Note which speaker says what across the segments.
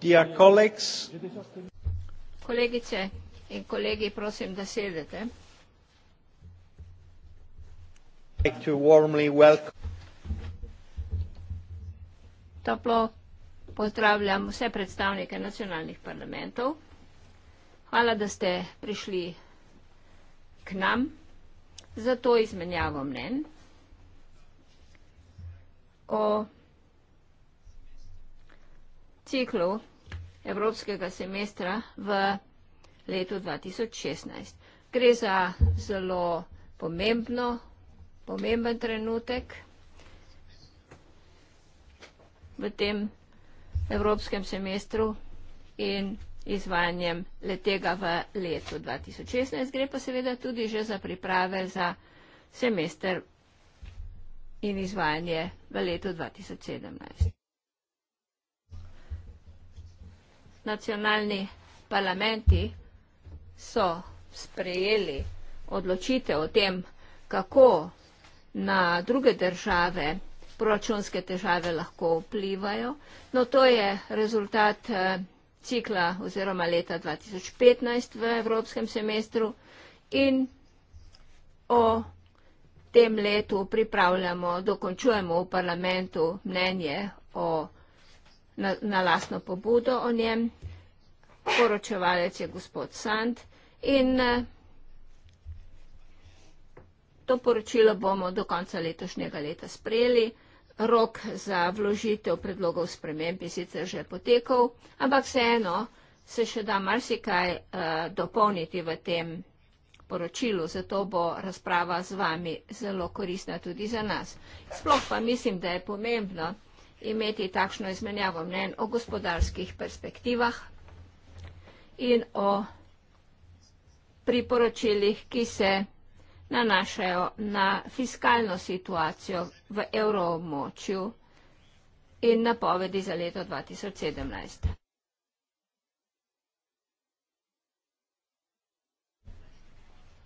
Speaker 1: Dear colleagues,
Speaker 2: Kolegice in kolegi, prosim, da sedete.
Speaker 3: Like to warmly welcome.
Speaker 2: Toplo pozdravljam vse predstavnike nacionalnih parlamentov. Hvala, da ste prišli k nam za to izmenjavo mnen o ciklu evropskega semestra v letu 2016. Gre za zelo pomembno, pomemben trenutek v tem evropskem semestru in izvajanjem letega v letu 2016. Gre pa seveda tudi že za priprave za semester in izvajanje v letu 2017. nacionalni parlamenti so sprejeli odločitev o tem, kako na druge države proračunske težave lahko vplivajo. No, to je rezultat eh, cikla oziroma leta 2015 v evropskem semestru in o tem letu pripravljamo, dokončujemo v parlamentu mnenje o proračunske težave na, na lastno pobudo o njem, poročevalec je gospod Sand in eh, to poročilo bomo do konca letošnjega leta sprejeli. Rok za vložitev predlogov sprememb je sicer že potekal, ampak vseeno se še da marsikaj uh, dopolniti v tem poročilu, zato bo razprava z vami zelo koristna tudi za nas. Sploh pa mislim, da je pomembno, imeti takšno izmenjavo mnen o gospodarskih perspektivah in o priporočilih, ki se nanašajo na fiskalno situacijo v evroobmočju in napovedi za leto 2017.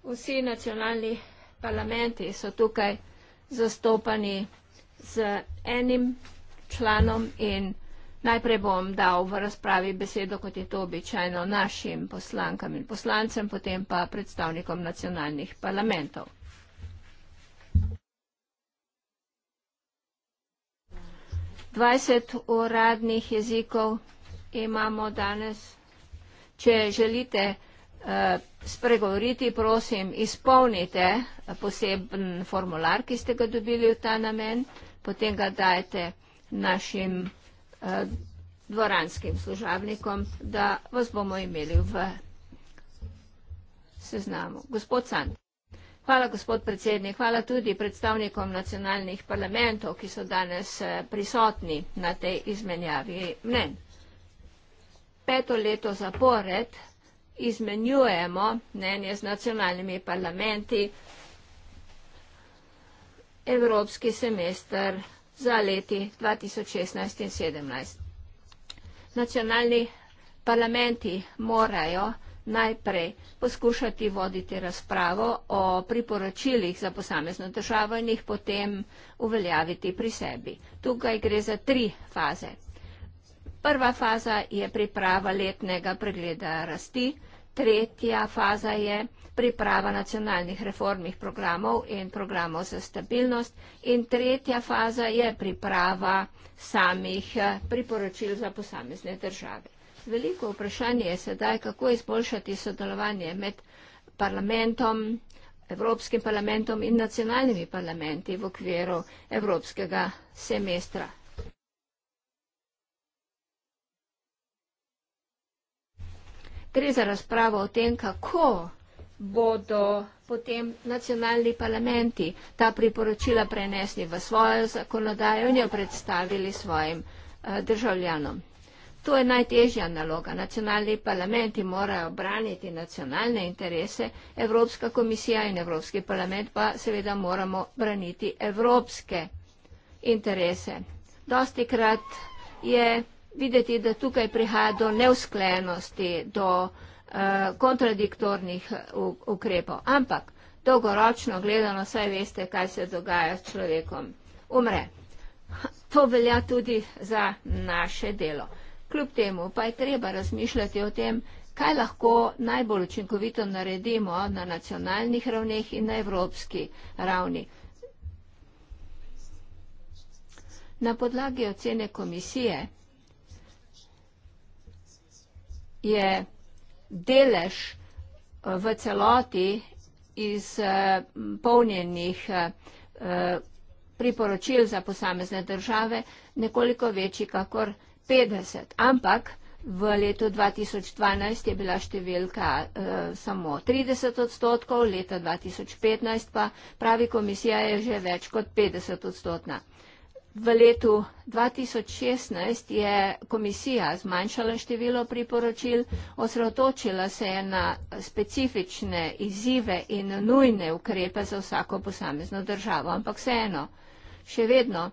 Speaker 2: Vsi nacionalni parlamenti so tukaj zastopani z enim članom in najprej bom dal v razpravi besedo, kot je to običajno, našim poslankam in poslancem, potem pa predstavnikom nacionalnih parlamentov. Dvajset uradnih jezikov imamo danes. Če želite eh, spregovoriti, prosim, izpolnite eh, poseben formular, ki ste ga dobili v ta namen, potem ga dajte vsega našim uh, dvoranskim služavnikom, da vas bomo imeli v seznamu. Gospod Sand. Hvala, gospod predsednik. Hvala tudi predstavnikom nacionalnih parlamentov, ki so danes eh, prisotni na tej izmenjavi mnen. Peto leto zapored izmenjujemo mnenje z nacionalnimi parlamenti. Evropski semester za leti 2016 in 2017. Nacionalni parlamenti morajo najprej poskušati voditi razpravo o priporočilih za posamezno državo in jih potem uveljaviti pri sebi. Tukaj gre za tri faze. Prva faza je priprava letnega pregleda rasti, tretja faza je priprava priprava nacionalnih reformnih programov in programov za stabilnost in tretja faza je priprava samih eh, priporočil za posamezne države. Veliko vprašanje je sedaj, kako izboljšati sodelovanje med parlamentom, Evropskim parlamentom in nacionalnimi parlamenti v okviru Evropskega semestra. Gre za razpravo o tem, kako bodo potem nacionalni parlamenti ta priporočila prenesli v svojo zakonodajo in jo predstavili svojim eh, državljanom. To je najtežja naloga. Nacionalni parlamenti morajo braniti nacionalne interese, Evropska komisija in Evropski parlament pa seveda moramo braniti evropske interese. Dosti krat je videti, da tukaj prihaja do neusklenosti, do uh, Eh, kontradiktornih eh, ukrepov. Ampak dolgoročno gledano, saj veste, kaj se dogaja s človekom. Umre. To velja tudi za naše delo. Kljub temu pa je treba razmišljati o tem, kaj lahko najbolj učinkovito naredimo na nacionalnih ravneh in na evropski ravni. Na podlagi ocene komisije je delež eh, v celoti iz eh, polnjenih eh, priporočil za posamezne države nekoliko večji kakor 50. Ampak v letu 2012 je bila številka samo 30 odstotkov, leta 2015 pa pravi komisija je že več kot 50 odstotna. V letu 2016 je komisija zmanjšala število priporočil, osredotočila se je na specifične izzive in nujne ukrepe za vsako posamezno državo. Ampak vseeno, še vedno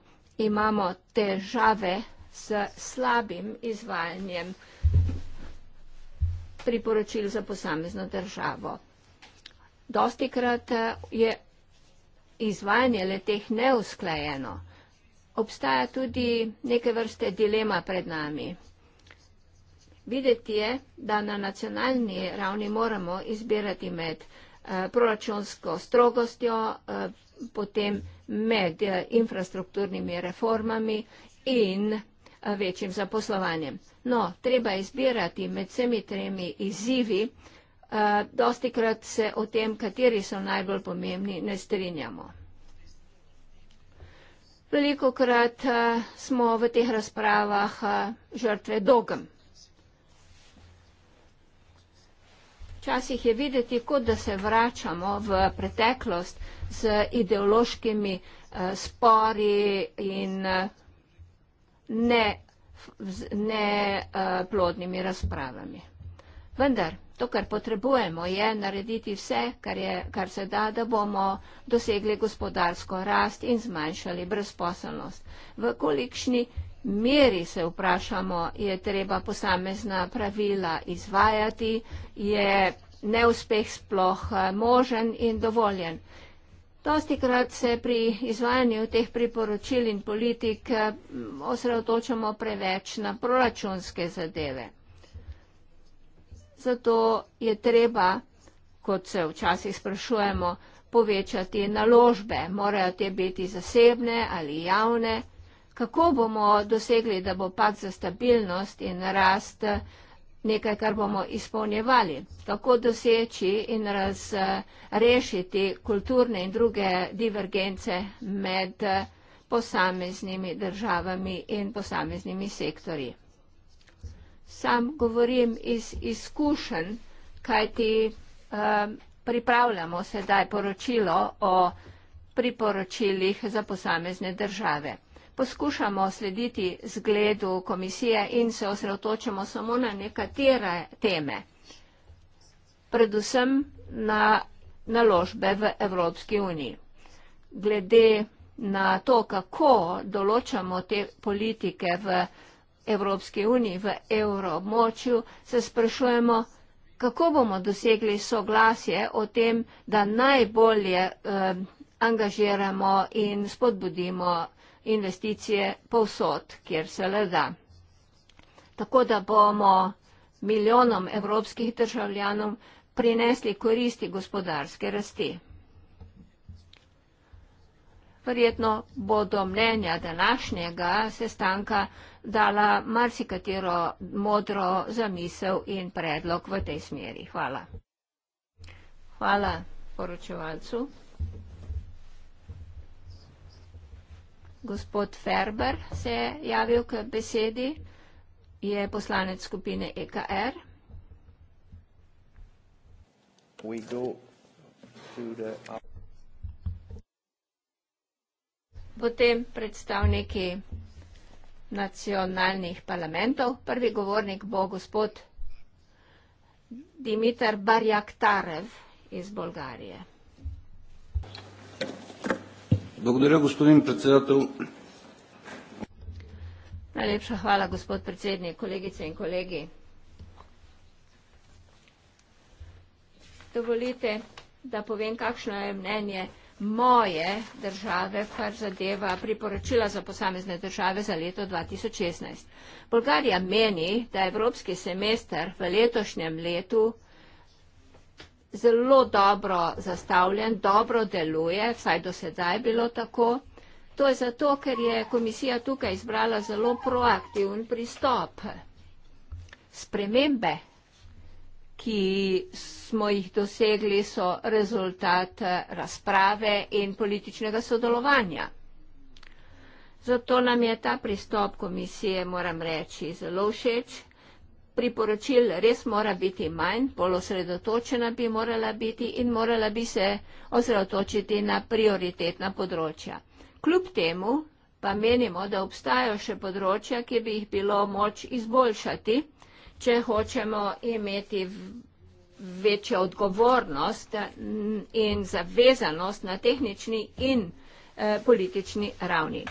Speaker 2: imamo težave s slabim izvajanjem priporočil za posamezno državo. Dostikrat je izvajanje le teh neusklajeno obstaja tudi neke vrste dilema pred nami. Videti je, da na nacionalni ravni moramo izbirati med eh, proračunsko strogostjo, eh, potem med eh, infrastrukturnimi reformami in večjim zaposlovanjem. No, treba izbirati med vsemi tremi izzivi, dosti krat se o tem, kateri so najbolj pomembni, ne strinjamo. Veliko krat eh, smo v teh razpravah eh, žrtve dogem. Včasih je videti, kot da se vračamo v preteklost z ideološkimi eh, spori in neplodnimi ne razpravami. Vendar To, kar potrebujemo, je narediti vse, kar, je, kar se da, da bomo dosegli gospodarsko rast in zmanjšali brezposelnost. V kolikšni meri se vprašamo, je treba posamezna pravila izvajati, je neuspeh sploh eh, možen in dovoljen. Dosti krat se pri izvajanju teh priporočil in politik eh, osredotočamo preveč na proračunske zadeve zato je treba, kot se včasih sprašujemo, povečati naložbe. Morajo te biti zasebne ali javne. Kako bomo dosegli, da bo pak za stabilnost in rast nekaj, kar bomo izpolnjevali? Kako doseči in razrešiti kulturne in druge divergence med posameznimi državami in posameznimi sektorji? sam govorim iz izkušenj, kaj ti um, eh, pripravljamo sedaj poročilo o priporočilih za posamezne države. Poskušamo slediti zgledu komisije in se osredotočamo samo na nekatere teme, predvsem na naložbe v Evropski uniji. Glede na to, kako določamo te politike v Evropski uniji, Evropski uniji, v evroobmočju, se sprašujemo, kako bomo dosegli soglasje o tem, da najbolje eh, angažiramo in spodbudimo investicije povsod, kjer se le da. Tako da bomo milijonom evropskih državljanom prinesli koristi gospodarske rasti. Verjetno bodo mnenja današnjega sestanka dala marsikatero modro zamisel in predlog v tej smeri. Hvala. Hvala poročevalcu. Gospod Ferber se je javil k besedi, je poslanec skupine EKR. Potem predstavniki nacionalnih parlamentov. Prvi govornik bo gospod Dimitar Barjaktarev iz Bolgarije.
Speaker 1: Dobodaj, gospodin predsedatelj.
Speaker 2: Najlepša hvala, gospod predsednik, kolegice in kolegi. Dovolite, da povem, kakšno je mnenje predsednik moje države, kar zadeva priporočila za posamezne države za leto 2016. Bolgarija meni, da je evropski semester v letošnjem letu zelo dobro zastavljen, dobro deluje, vsaj do sedaj bilo tako. To je zato, ker je komisija tukaj izbrala zelo proaktivn pristop. Spremembe ki smo jih dosegli, so rezultat eh, razprave in političnega sodelovanja. Zato nam je ta pristop komisije, moram reči, zelo všeč. Priporočil res mora biti manj, polosredotočena bi morala biti in morala bi se osredotočiti na prioritetna področja. Kljub temu pa menimo, da obstajajo še področja, ki bi jih bilo moč izboljšati če hočemo imeti večjo odgovornost in zavezanost na tehnični in eh, politični ravni.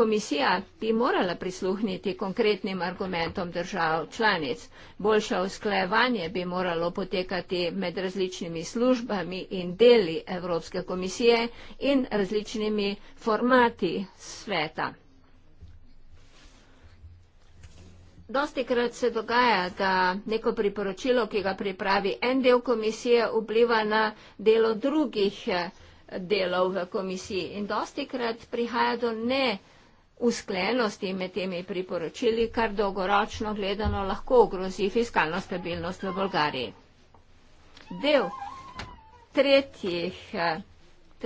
Speaker 2: Komisija bi morala prisluhniti konkretnim argumentom držav članic. Boljše usklejevanje bi moralo potekati med različnimi službami in deli Evropske komisije in različnimi formati sveta. Dosti krat se dogaja, da neko priporočilo, ki ga pripravi en del komisije, vpliva na delo drugih eh, delov v komisiji. In dosti krat prihaja do neusklenosti med temi priporočili, kar dolgoročno gledano lahko ogrozi fiskalno stabilnost v Bolgariji. Del tretjih, eh,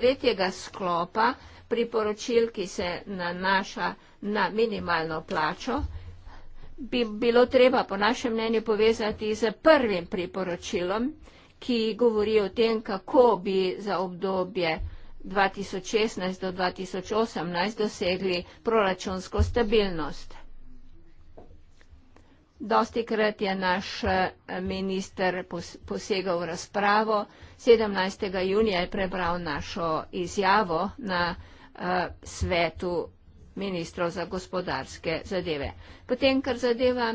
Speaker 2: tretjega sklopa priporočil, ki se nanaša na minimalno plačo, bi bilo treba po našem mnenju povezati z prvim priporočilom, ki govori o tem, kako bi za obdobje 2016 do 2018 dosegli proračunsko stabilnost. Dosti krat je naš eh, minister posegal v razpravo. 17. junija je prebral našo izjavo na eh, svetu ministrov za gospodarske zadeve. Potem, kar zadeva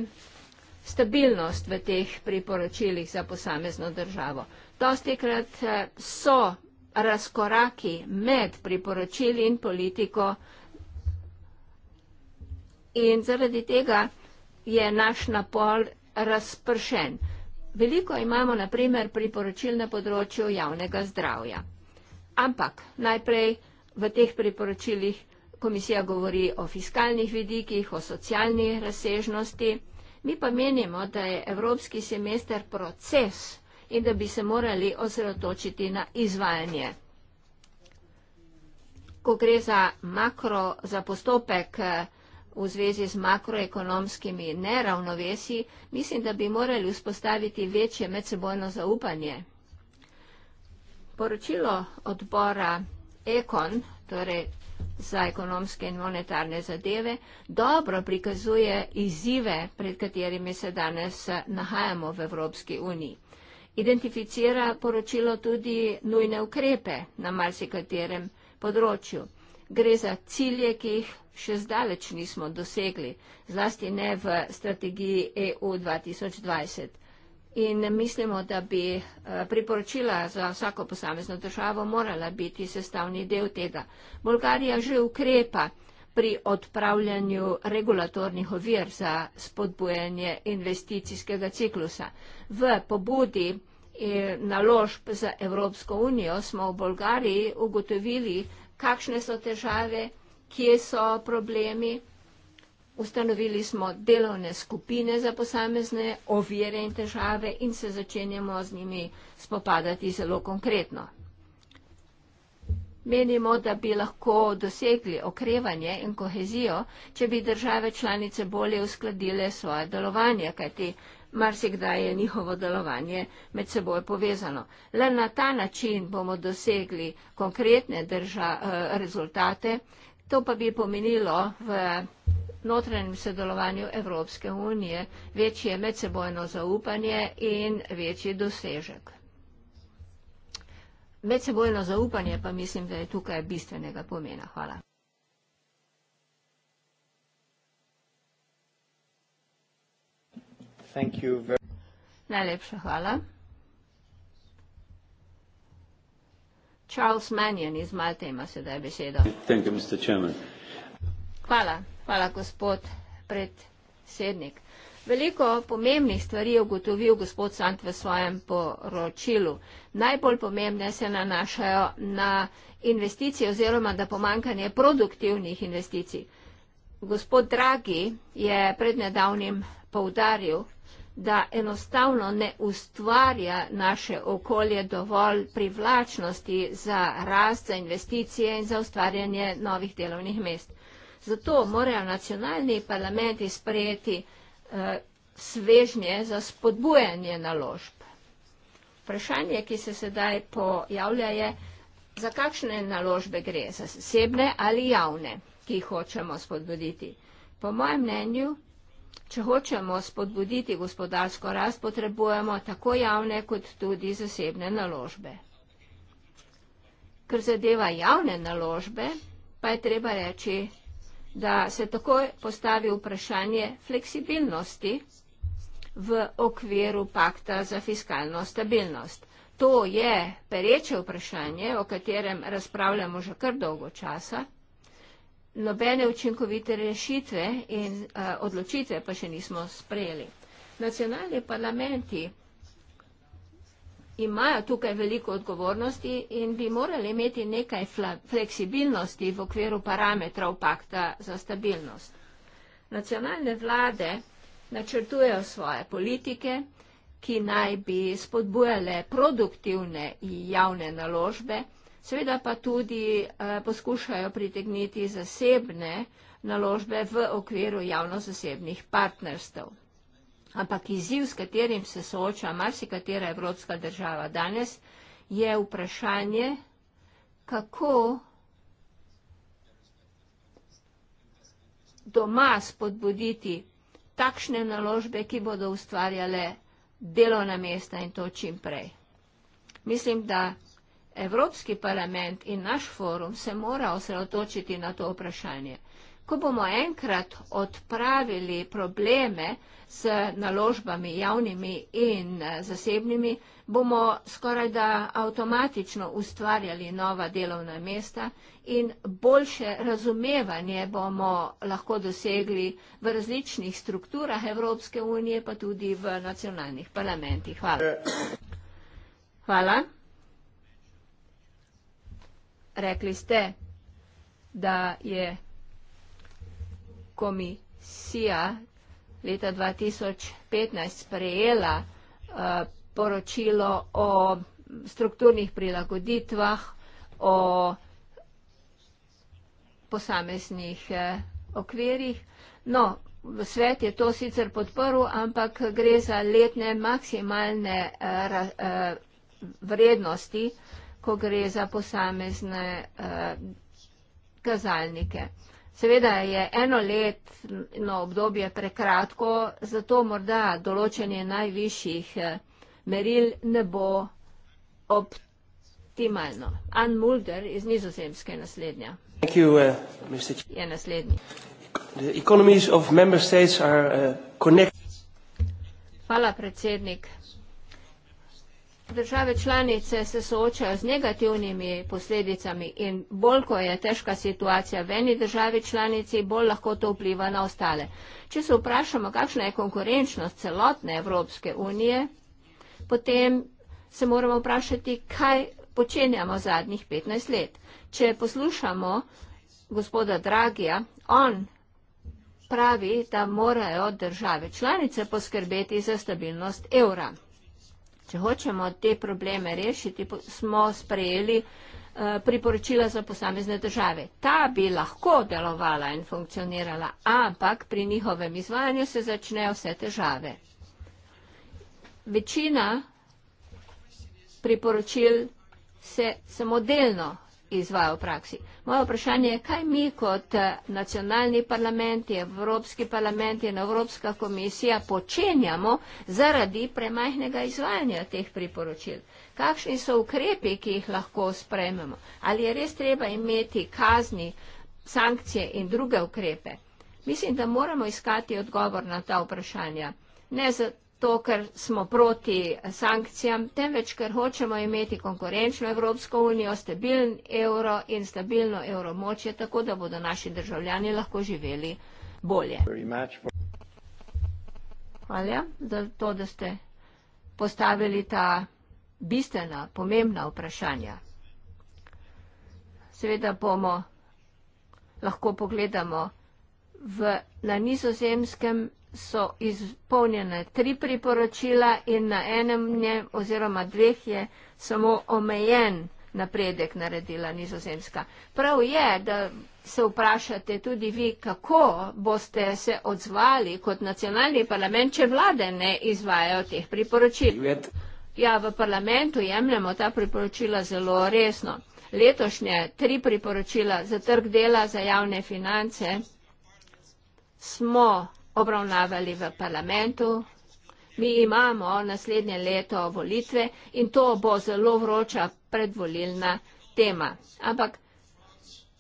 Speaker 2: stabilnost v teh priporočilih za posamezno državo. Dosti krat eh, so razkoraki med priporočili in politiko in zaradi tega je naš napol razpršen. Veliko imamo naprimer priporočil na področju javnega zdravja. Ampak najprej v teh priporočilih komisija govori o fiskalnih vidikih, o socialni razsežnosti, mi pa menimo, da je evropski semester proces in da bi se morali osredotočiti na izvajanje. Ko gre za, makro, za postopek eh, v zvezi z makroekonomskimi neravnovesi, mislim, da bi morali vzpostaviti večje medsebojno zaupanje. Poročilo odbora Ekon, torej za ekonomske in monetarne zadeve, dobro prikazuje izzive, pred katerimi se danes nahajamo v Evropski uniji. Identificira poročilo tudi nujne ukrepe na marsikaterem področju. Gre za cilje, ki jih še zdaleč nismo dosegli, zlasti ne v strategiji EU 2020. In mislimo, da bi eh, priporočila za vsako posamezno državo morala biti sestavni del tega. Bolgarija že ukrepa pri odpravljanju regulatornih ovir za spodbujanje investicijskega ciklusa. V pobudi eh, naložb za Evropsko unijo smo v Bolgariji ugotovili, kakšne so težave, kje so problemi, Ustanovili smo delovne skupine za posamezne ovire in težave in se začenjamo z njimi spopadati zelo konkretno. Menimo, da bi lahko dosegli okrevanje in kohezijo, če bi države članice bolje uskladile svoje delovanje, kajti marsikdaj je njihovo delovanje med seboj povezano. Le na ta način bomo dosegli konkretne eh, rezultate, to pa bi pomenilo v notranjem sodelovanju Evropske unije, večje medsebojno zaupanje in večji dosežek. Medsebojno zaupanje pa mislim, da je tukaj bistvenega pomena. Hvala. Najlepša hvala. Charles Mannion iz Malte ima sedaj besedo. Hvala. Hvala, gospod predsednik. Veliko pomembnih stvari je ugotovil gospod Sant v svojem poročilu. Najbolj pomembne se nanašajo na investicije oziroma na pomankanje produktivnih investicij. Gospod Dragi je prednedavnim poudaril, da enostavno ne ustvarja naše okolje dovolj privlačnosti za rast, za investicije in za ustvarjanje novih delovnih mest. Zato morajo nacionalni parlamenti sprejeti eh, svežnje za spodbujanje naložb. Vprašanje, ki se sedaj pojavlja, je, za kakšne naložbe gre, za sebne ali javne, ki jih hočemo spodbuditi. Po mojem mnenju, če hočemo spodbuditi gospodarsko rast, potrebujemo tako javne kot tudi zasebne naložbe. Ker zadeva javne naložbe, pa je treba reči, da se takoj postavi vprašanje fleksibilnosti v okviru pakta za fiskalno stabilnost. To je pereče vprašanje, o katerem razpravljamo že kar dolgo časa. Nobene učinkovite rešitve in uh, odločitve pa še nismo sprejeli. Nacionalni parlamenti imajo tukaj veliko odgovornosti in bi morali imeti nekaj fleksibilnosti v okviru parametrov pakta za stabilnost. Nacionalne vlade načrtujejo svoje politike, ki naj bi spodbujale produktivne javne naložbe, seveda pa tudi eh, poskušajo pritegniti zasebne naložbe v okviru javno-zasebnih partnerstv. Ampak izziv, s katerim se sooča marsikatera evropska država danes, je vprašanje, kako doma spodbuditi takšne naložbe, ki bodo ustvarjale delovna mesta in to čim prej. Mislim, da Evropski parlament in naš forum se mora osredotočiti na to vprašanje. Ko bomo enkrat odpravili probleme z naložbami javnimi in eh, zasebnimi, bomo skoraj da avtomatično ustvarjali nova delovna mesta in boljše razumevanje bomo lahko dosegli v različnih strukturah Evropske unije, pa tudi v nacionalnih parlamentih. Hvala. Hvala. Rekli ste, da je komisija leta 2015 sprejela eh, poročilo o strukturnih prilagoditvah, o posameznih eh, okvirih. No, svet je to sicer podporil, ampak gre za letne maksimalne eh, vrednosti, ko gre za posamezne kazalnike. Seveda je eno letno obdobje prekratko, zato morda določenje najvišjih eh, meril ne bo optimalno. Ann Mulder iz Nizozemske je naslednja. You, uh, je naslednji.
Speaker 1: The of are, uh,
Speaker 2: Hvala, predsednik. Države članice se soočajo z negativnimi posledicami in bolj, ko je težka situacija v eni državi članici, bolj lahko to vpliva na ostale. Če se vprašamo, kakšna je konkurenčnost celotne Evropske unije, potem se moramo vprašati, kaj počenjamo zadnjih 15 let. Če poslušamo gospoda Dragija, on pravi, da morajo države članice poskrbeti za stabilnost evra če hočemo te probleme rešiti, smo sprejeli eh, priporočila za posamezne države. Ta bi lahko delovala in funkcionirala, ampak pri njihovem izvajanju se začnejo vse težave. Večina priporočil se samo delno izvajo v praksi. Moje vprašanje je, kaj mi kot eh, nacionalni parlamenti, Evropski parlamenti in Evropska komisija počenjamo zaradi premajhnega izvajanja teh priporočil? Kakšni so ukrepi, ki jih lahko sprejmemo? Ali je res treba imeti kazni, sankcije in druge ukrepe? Mislim, da moramo iskati odgovor na ta vprašanja. Ne za to, ker smo proti sankcijam, temveč ker hočemo imeti konkurenčno Evropsko unijo, stabilen evro in stabilno evromočje, tako da bodo naši državljani lahko živeli bolje. Hvala za to, da ste postavili ta bistvena, pomembna vprašanja. Seveda bomo lahko pogledamo v, na nizozemskem so izpolnjene tri priporočila in na enem nje, oziroma dveh je samo omejen napredek naredila nizozemska. Prav je, da se vprašate tudi vi, kako boste se odzvali kot nacionalni parlament, če vlade ne izvajajo teh priporočil. Ja, v parlamentu jemljemo ta priporočila zelo resno. Letošnje tri priporočila za trg dela, za javne finance smo obravnavali v parlamentu. Mi imamo naslednje leto volitve in to bo zelo vroča predvolilna tema. Ampak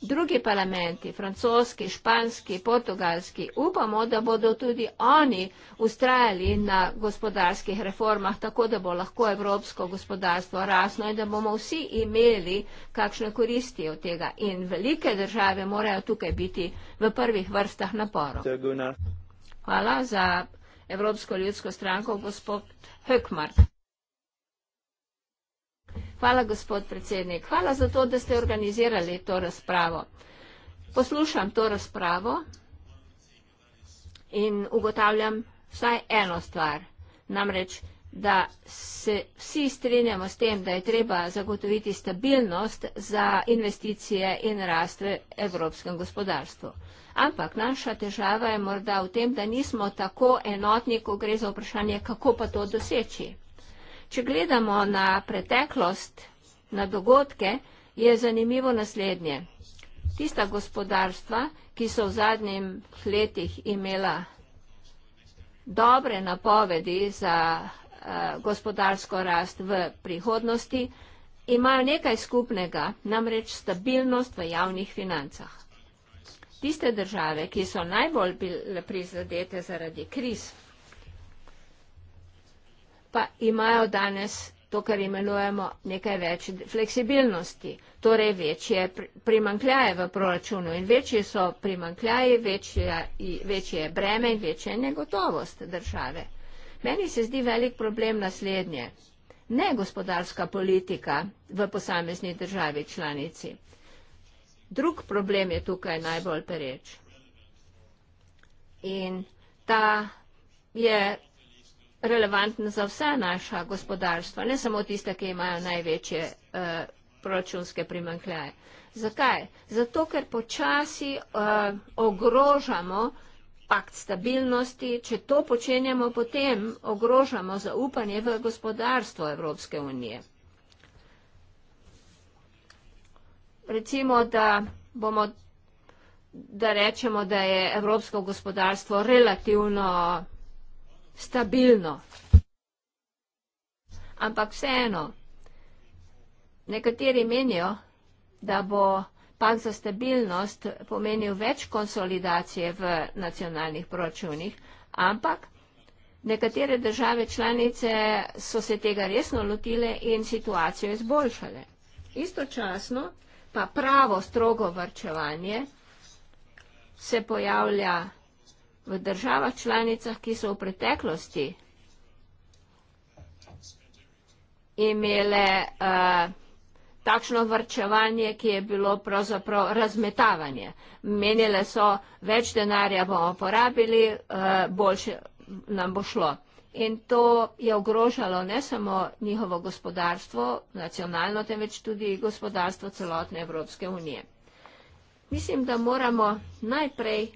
Speaker 2: drugi parlamenti, francoski, španski, portugalski, upamo, da bodo tudi oni ustrajali na gospodarskih reformah, tako da bo lahko evropsko gospodarstvo rasno in da bomo vsi imeli kakšne koristi od tega. In velike države morajo tukaj biti v prvih vrstah naporov. Hvala za Evropsko ljudsko stranko, gospod Hökmark. Hvala, gospod predsednik. Hvala za to, da ste organizirali to razpravo. Poslušam to razpravo in ugotavljam vsaj eno stvar. Namreč, da se vsi strinjamo s tem, da je treba zagotoviti stabilnost za investicije in rast v evropskem gospodarstvu. Ampak naša težava je morda v tem, da nismo tako enotni, ko gre za vprašanje, kako pa to doseči. Če gledamo na preteklost, na dogodke, je zanimivo naslednje. Tista gospodarstva, ki so v zadnjem letih imela dobre napovedi za uh, gospodarsko rast v prihodnosti, imajo nekaj skupnega, namreč stabilnost v javnih financah. Tiste države, ki so najbolj bile prizadete zaradi kriz, pa imajo danes to, kar imenujemo nekaj več fleksibilnosti, torej večje primankljaje v proračunu in večji so primankljaji, večje je breme in večja je negotovost države. Meni se zdi velik problem naslednje. Ne gospodarska politika v posamezni državi članici, Drug problem je tukaj najbolj pereč. In ta je relevanten za vse naša gospodarstva, ne samo tiste, ki imajo največje uh, proračunske primankljaje. Zakaj? Zato, ker počasi uh, ogrožamo pakt stabilnosti, če to počenjamo, potem ogrožamo zaupanje v gospodarstvo Evropske unije. recimo, da bomo, da rečemo, da je evropsko gospodarstvo relativno stabilno. Ampak vseeno, nekateri menijo, da bo pak za stabilnost pomenil več konsolidacije v nacionalnih proračunih, ampak nekatere države članice so se tega resno lotile in situacijo izboljšale. Istočasno pa pravo strogo vrčevanje se pojavlja v državah članicah, ki so v preteklosti imele eh, takšno vrčevanje, ki je bilo pravzaprav razmetavanje. Menile so, več denarja bomo porabili, eh, boljše nam bo šlo in to je ogrožalo ne samo njihovo gospodarstvo, nacionalno, temveč tudi gospodarstvo celotne Evropske unije. Mislim, da moramo najprej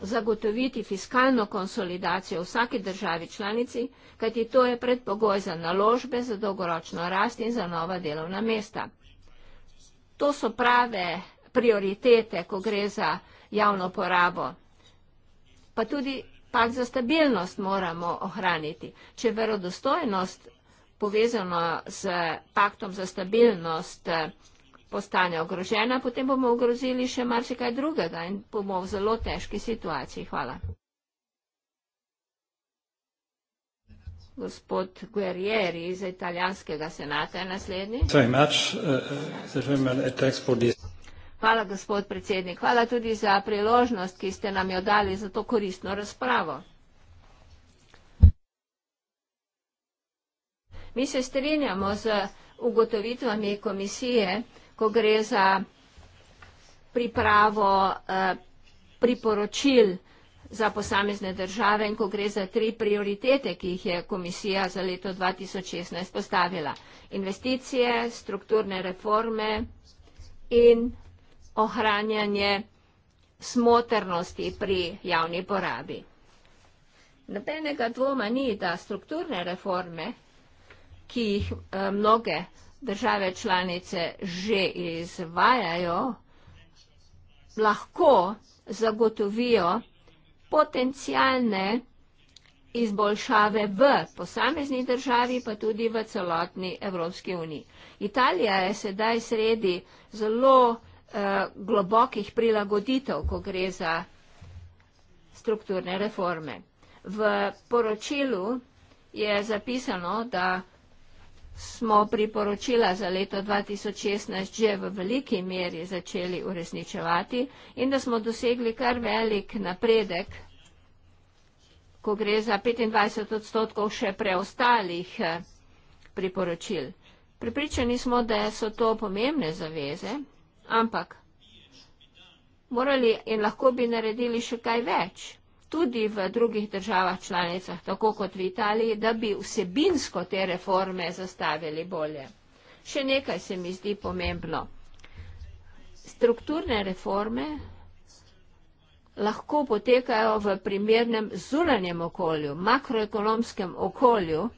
Speaker 2: zagotoviti fiskalno konsolidacijo vsaki državi članici, kajti to je predpogoj za naložbe, za dolgoročno rast in za nova delovna mesta. To so prave prioritete, ko gre za javno porabo, pa tudi pak za stabilnost moramo ohraniti. Če verodostojnost povezano s paktom za stabilnost eh, postane ogrožena, potem bomo ogrozili še marsikaj drugega in bomo v zelo težki situaciji. Hvala. Gospod Guerrieri iz italijanskega senata je naslednji. Thank you very
Speaker 1: much. Uh, uh,
Speaker 2: Hvala, gospod predsednik. Hvala tudi za priložnost, ki ste nam jo dali za to koristno razpravo. Mi se strinjamo z ugotovitvami komisije, ko gre za pripravo eh, priporočil za posamezne države in ko gre za tri prioritete, ki jih je komisija za leto 2016 postavila. Investicije, strukturne reforme in ohranjanje smotrnosti pri javni porabi. Nobenega dvoma ni, da strukturne reforme, ki jih eh, mnoge države članice že izvajajo, lahko zagotovijo potencijalne izboljšave v posamezni državi, pa tudi v celotni Evropski uniji. Italija je sedaj sredi zelo izboljšave, Eh, globokih prilagoditev, ko gre za strukturne reforme. V poročilu je zapisano, da smo priporočila za leto 2016 že v veliki meri začeli uresničevati in da smo dosegli kar velik napredek, ko gre za 25 odstotkov še preostalih eh, priporočil. Pripričani smo, da so to pomembne zaveze, ampak morali in lahko bi naredili še kaj več, tudi v drugih državah članicah, tako kot v Italiji, da bi vsebinsko te reforme zastavili bolje. Še nekaj se mi zdi pomembno. Strukturne reforme lahko potekajo v primernem zunanjem okolju, makroekonomskem okolju,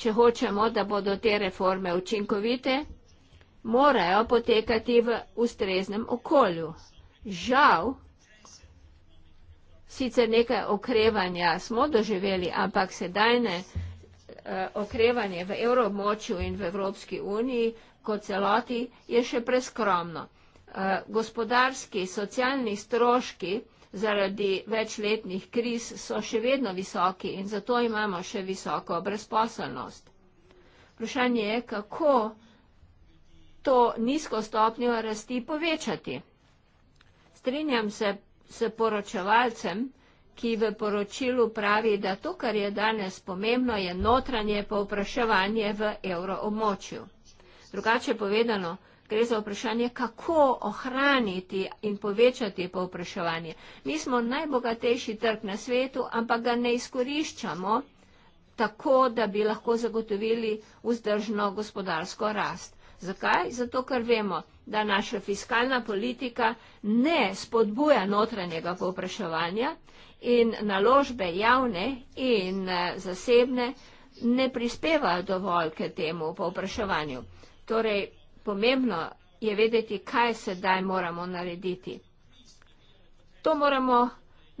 Speaker 2: če hočemo, da bodo te reforme učinkovite morajo potekati v ustreznem okolju. Žal, sicer nekaj okrevanja smo doživeli, ampak sedajne eh, okrevanje v evroobmočju in v Evropski uniji kot celoti je še preskromno. Eh, gospodarski, socialni stroški zaradi večletnih kriz so še vedno visoki in zato imamo še visoko brezposelnost. Vprašanje je, kako to nizko stopnjo rasti povečati. Strinjam se s poročevalcem, ki v poročilu pravi, da to, kar je danes pomembno, je notranje povpraševanje v evroobmočju. Drugače povedano, gre za vprašanje, kako ohraniti in povečati povpraševanje. Mi smo najbogatejši trg na svetu, ampak ga ne izkoriščamo tako, da bi lahko zagotovili vzdržno gospodarsko rast. Zakaj? Zato, ker vemo, da naša fiskalna politika ne spodbuja notranjega povpraševanja in naložbe javne in eh, zasebne ne prispevajo dovolj k temu povpraševanju. Torej, pomembno je vedeti, kaj sedaj moramo narediti. To moramo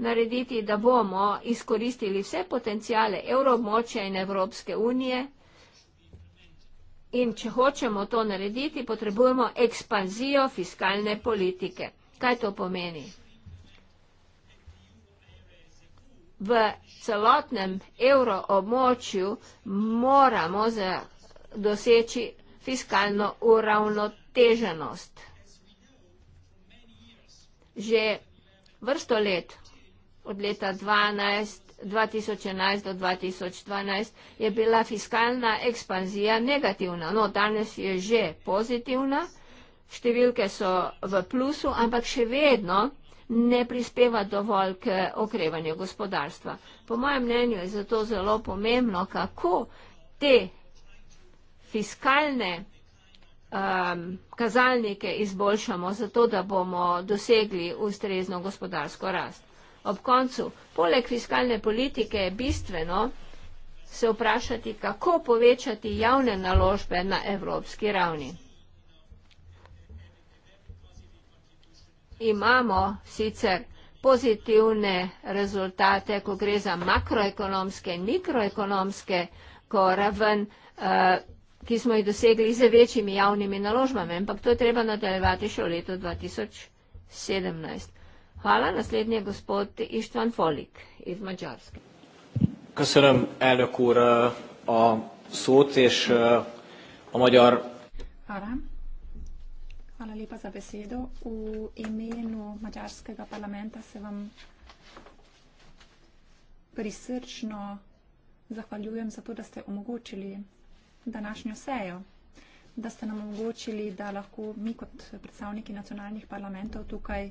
Speaker 2: narediti, da bomo izkoristili vse potencijale evroobmočja in Evropske unije, In če hočemo to narediti, potrebujemo ekspanzijo fiskalne politike. Kaj to pomeni? V celotnem evroobmočju moramo doseči fiskalno uravnoteženost. Že vrsto let, od leta 2012, 2011 do 2012 je bila fiskalna ekspanzija negativna, no danes je že pozitivna, številke so v plusu, ampak še vedno ne prispeva dovolj k okrevanju gospodarstva. Po mojem mnenju je zato zelo pomembno, kako te fiskalne um, kazalnike izboljšamo, zato da bomo dosegli ustrezno gospodarsko rast ob koncu. Poleg fiskalne politike je bistveno se vprašati, kako povečati javne naložbe na evropski ravni. Imamo sicer pozitivne rezultate, ko gre za makroekonomske, mikroekonomske koraven, eh, ki smo jih dosegli z večjimi javnimi naložbami, ampak to je treba nadaljevati še v letu 2017. Hvala. Naslednji je gospod Ištvan Folik iz Mačarske.
Speaker 1: Köszönöm, elnök úr, a szót, és a magyar...
Speaker 2: Hvala.
Speaker 3: Hvala lepa za besedo. V imenu Mačarskega parlamenta se vam prisrčno zahvaljujem za to, da ste omogočili današnjo sejo, da ste nam omogočili, da lahko mi kot predstavniki nacionalnih parlamentov tukaj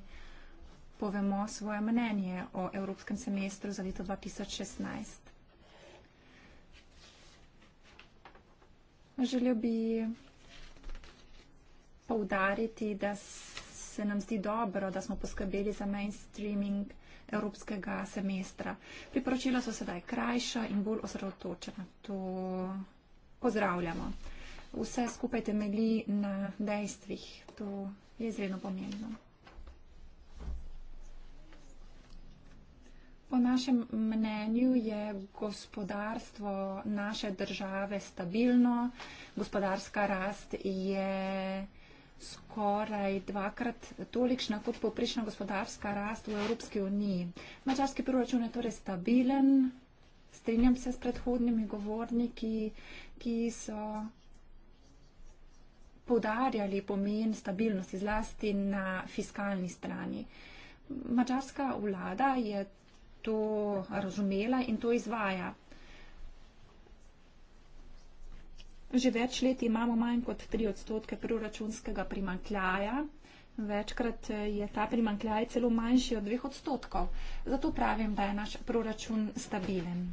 Speaker 3: povemo svoje mnenje o evropskem semestru za leto 2016. Želel bi poudariti, da se nam zdi dobro, da smo poskrbeli za mainstreaming evropskega semestra. Priporočila so sedaj krajša in bolj osredotočena. To pozdravljamo. Vse skupaj temelji na dejstvih. To je izredno pomembno. Po našem mnenju je gospodarstvo naše države stabilno, gospodarska rast je skoraj dvakrat tolikšna kot poprišna gospodarska rast v Evropski uniji. Mačarski proračun je torej stabilen, strinjam se s predhodnimi govorniki, ki so podarjali pomen stabilnosti zlasti na fiskalni strani. Mačarska vlada je to razumela in to izvaja. Že več let imamo manj kot 3 odstotke proračunskega primankljaja. Večkrat je ta primankljaj celo manjši od 2 odstotkov. Zato pravim, da je naš proračun stabilen.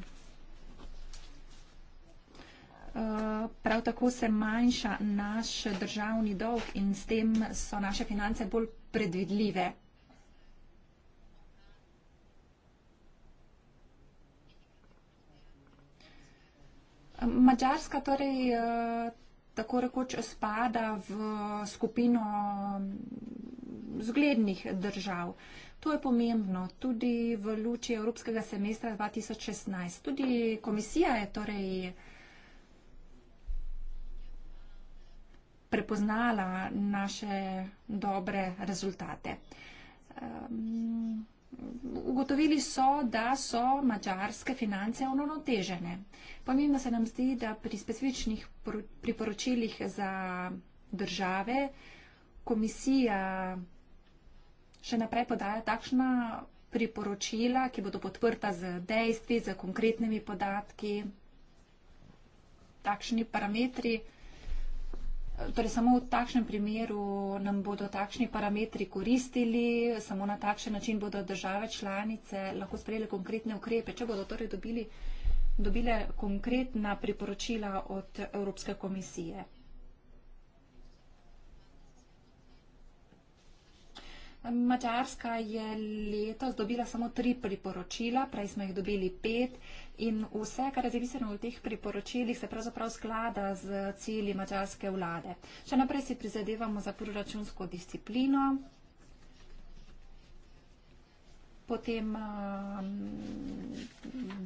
Speaker 3: Eh, prav tako se manjša naš državni dolg in s tem so naše finance bolj predvidljive. Mačarska torej eh, tako rekoč spada v skupino mm, zglednih držav. To je pomembno tudi v luči Evropskega semestra 2016. Tudi komisija je torej prepoznala naše dobre rezultate. Um, ugotovili so, da so mačarske finance onotežene. Pomembno se nam zdi, da pri specifičnih priporočilih za države komisija še naprej podaja takšna priporočila, ki bodo podprta z dejstvi, z konkretnimi podatki, takšni parametri. Torej, samo v takšnem primeru nam bodo takšni parametri koristili, samo na takšen način bodo države članice lahko sprejele konkretne ukrepe, če bodo torej dobili, dobile konkretna priporočila od Evropske komisije. Mačarska je letos dobila samo tri priporočila, prej smo jih dobili pet. In vse, kar je zapisano v teh priporočilih, se pravzaprav sklada z cilji mađarske vlade. Še naprej si prizadevamo za proračunsko disciplino, potem um,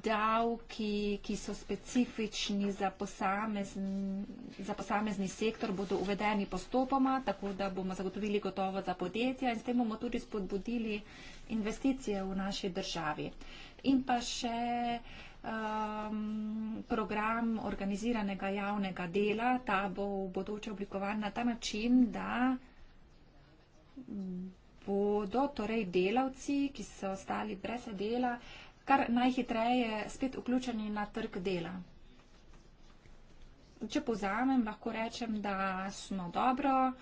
Speaker 3: davki, ki so specifični za posamezni, za posamezni sektor, bodo uvedeni postopoma, tako da bomo zagotovili gotovo za podjetja in s tem bomo tudi spodbudili investicije v naši državi. In pa še um, program organiziranega javnega dela. Ta bo v bodoče oblikovan na ta način, da bodo torej delavci, ki so ostali brez dela, kar najhitreje spet vključeni na trg dela. Če povzamem, lahko rečem, da smo dobro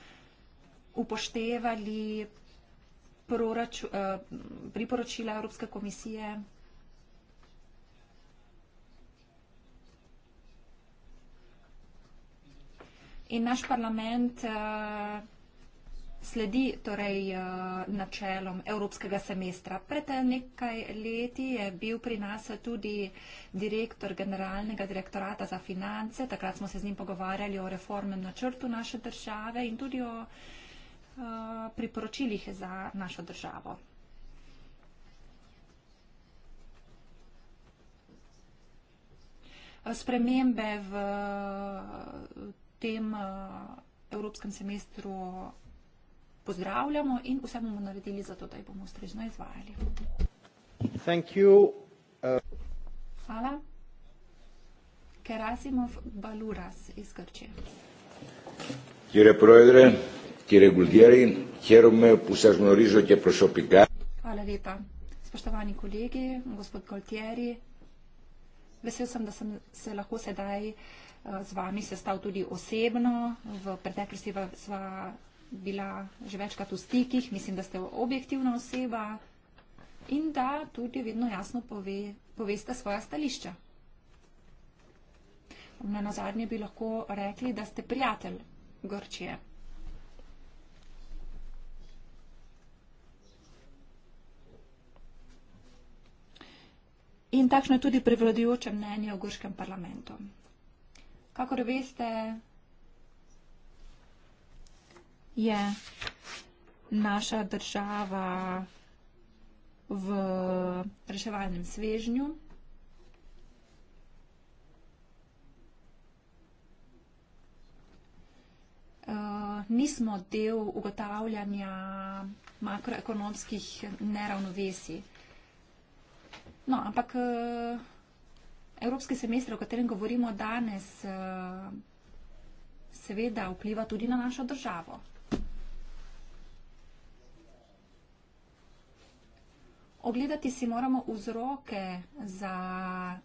Speaker 3: upoštevali proraču, eh, priporočila Evropske komisije In naš parlament eh, sledi torej eh, načelom evropskega semestra. Pred nekaj leti je bil pri nas tudi direktor generalnega direktorata za finance, takrat smo se z njim pogovarjali o reformnem načrtu naše države in tudi o eh, priporočilih za našo državo. Spremembe v tem eh, evropskem semestru pozdravljamo in vse bomo naredili za to, da jih bomo ustrežno izvajali. Eh. Hvala. Kerasimov Baluras iz Grče. Hvala lepa. Spoštovani kolegi, gospod Galtieri, vesel sem, da sem se lahko sedaj z vami sestal tudi osebno, v preteklosti sva bila že večkrat v stikih, mislim, da ste objektivna oseba in da tudi vedno jasno pove, poveste svoja stališča. Na nazadnje bi lahko rekli, da ste prijatelj Grčije. In takšno je tudi prevladujoče mnenje v grškem parlamentu kakor veste, je naša država v reševalnem svežnju. Eh, nismo del ugotavljanja makroekonomskih neravnovesij. No, ampak eh, Evropski semester, o katerem govorimo danes, eh, seveda vpliva tudi na našo državo. Ogledati si moramo vzroke za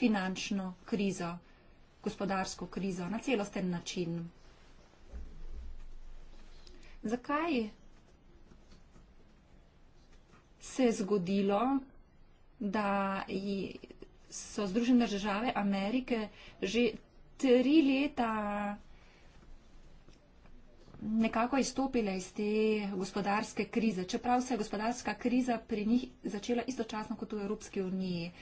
Speaker 3: finančno krizo, gospodarsko krizo na celosten način. Zakaj se je zgodilo, da so Združene države Amerike že tri leta nekako izstopile iz te gospodarske krize, čeprav se je gospodarska kriza pri njih začela istočasno kot v Evropski uniji.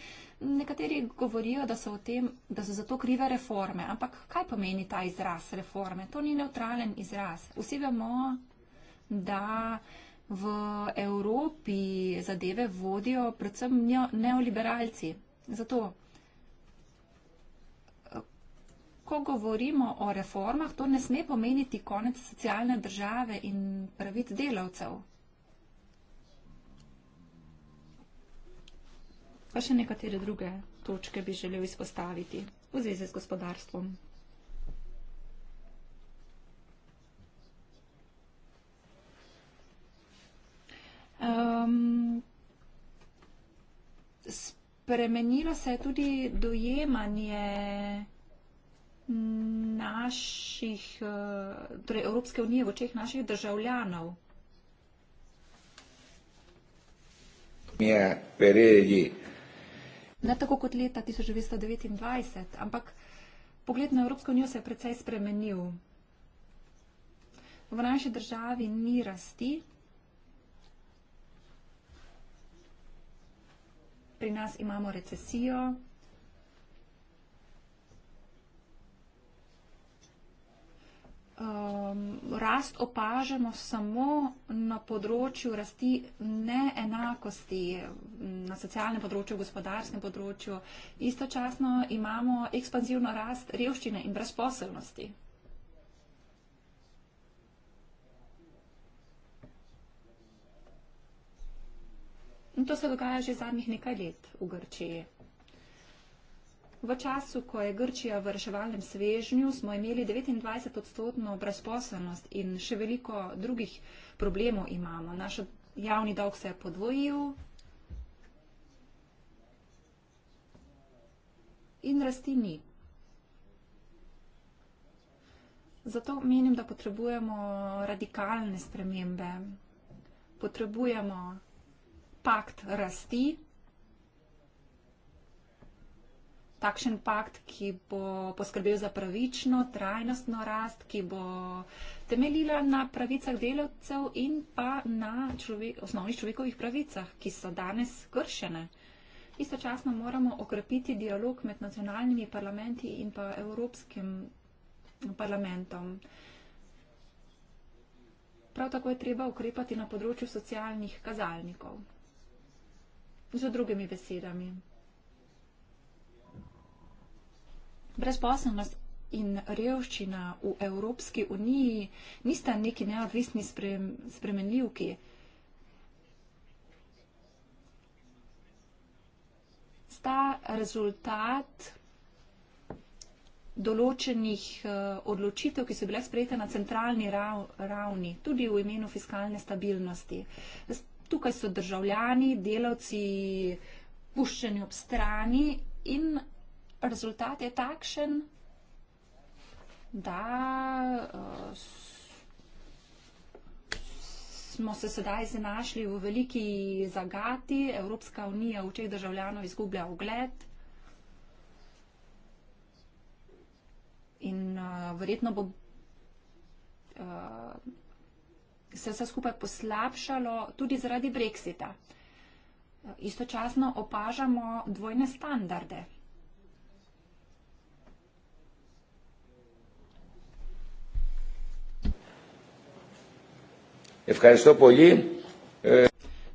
Speaker 3: Nekateri govorijo, da so, tem, da so za to krive reforme, ampak kaj pomeni ta izraz reforme? To ni neutralen izraz. Vsi vemo, da v Evropi zadeve vodijo predvsem neoliberalci. Zato, eh, ko govorimo o reformah, to ne sme pomeniti konec socialne države in pravic delavcev. Pa še nekatere druge točke bi želel izpostaviti v zvezi z gospodarstvom. spremenilo se je tudi dojemanje naših, eh, torej Evropske unije v očeh naših državljanov.
Speaker 1: Je peredi.
Speaker 3: Ne tako kot leta 1929, ampak pogled na Evropsko unijo se je precej spremenil. V naši državi ni rasti, pri nas imamo recesijo. Um, rast opažamo samo na področju rasti neenakosti, na socialnem področju, gospodarskem področju. Istočasno imamo ekspanzivno rast revščine in brezposelnosti. In to se dogaja že zadnjih nekaj let v Grčiji. V času, ko je Grčija v reševalnem svežnju, smo imeli 29 odstotno brezposelnost in še veliko drugih problemov imamo. Naš javni dolg se je podvojil in rasti ni. Zato menim, da potrebujemo radikalne spremembe. Potrebujemo pakt rasti, takšen pakt, ki bo poskrbel za pravično, trajnostno rast, ki bo temeljila na pravicah delavcev in pa na človek, osnovnih človekovih pravicah, ki so danes kršene. Istočasno moramo okrepiti dialog med nacionalnimi parlamenti in pa Evropskim parlamentom. Prav tako je treba ukrepati na področju socialnih kazalnikov z drugimi besedami. Brezposobnost in revščina v Evropski uniji nista neki neodvisni spremenljivki. Sta rezultat določenih eh, odločitev, ki so bile sprejete na centralni ravni, tudi v imenu fiskalne stabilnosti tukaj so državljani, delavci, puščeni ob strani in rezultat je takšen, da eh, smo se sedaj znašli v veliki zagati, Evropska unija v teh državljanov izgublja ogled in eh, verjetno bo eh, se vse skupaj poslabšalo tudi zaradi brexita. Istočasno opažamo dvojne standarde.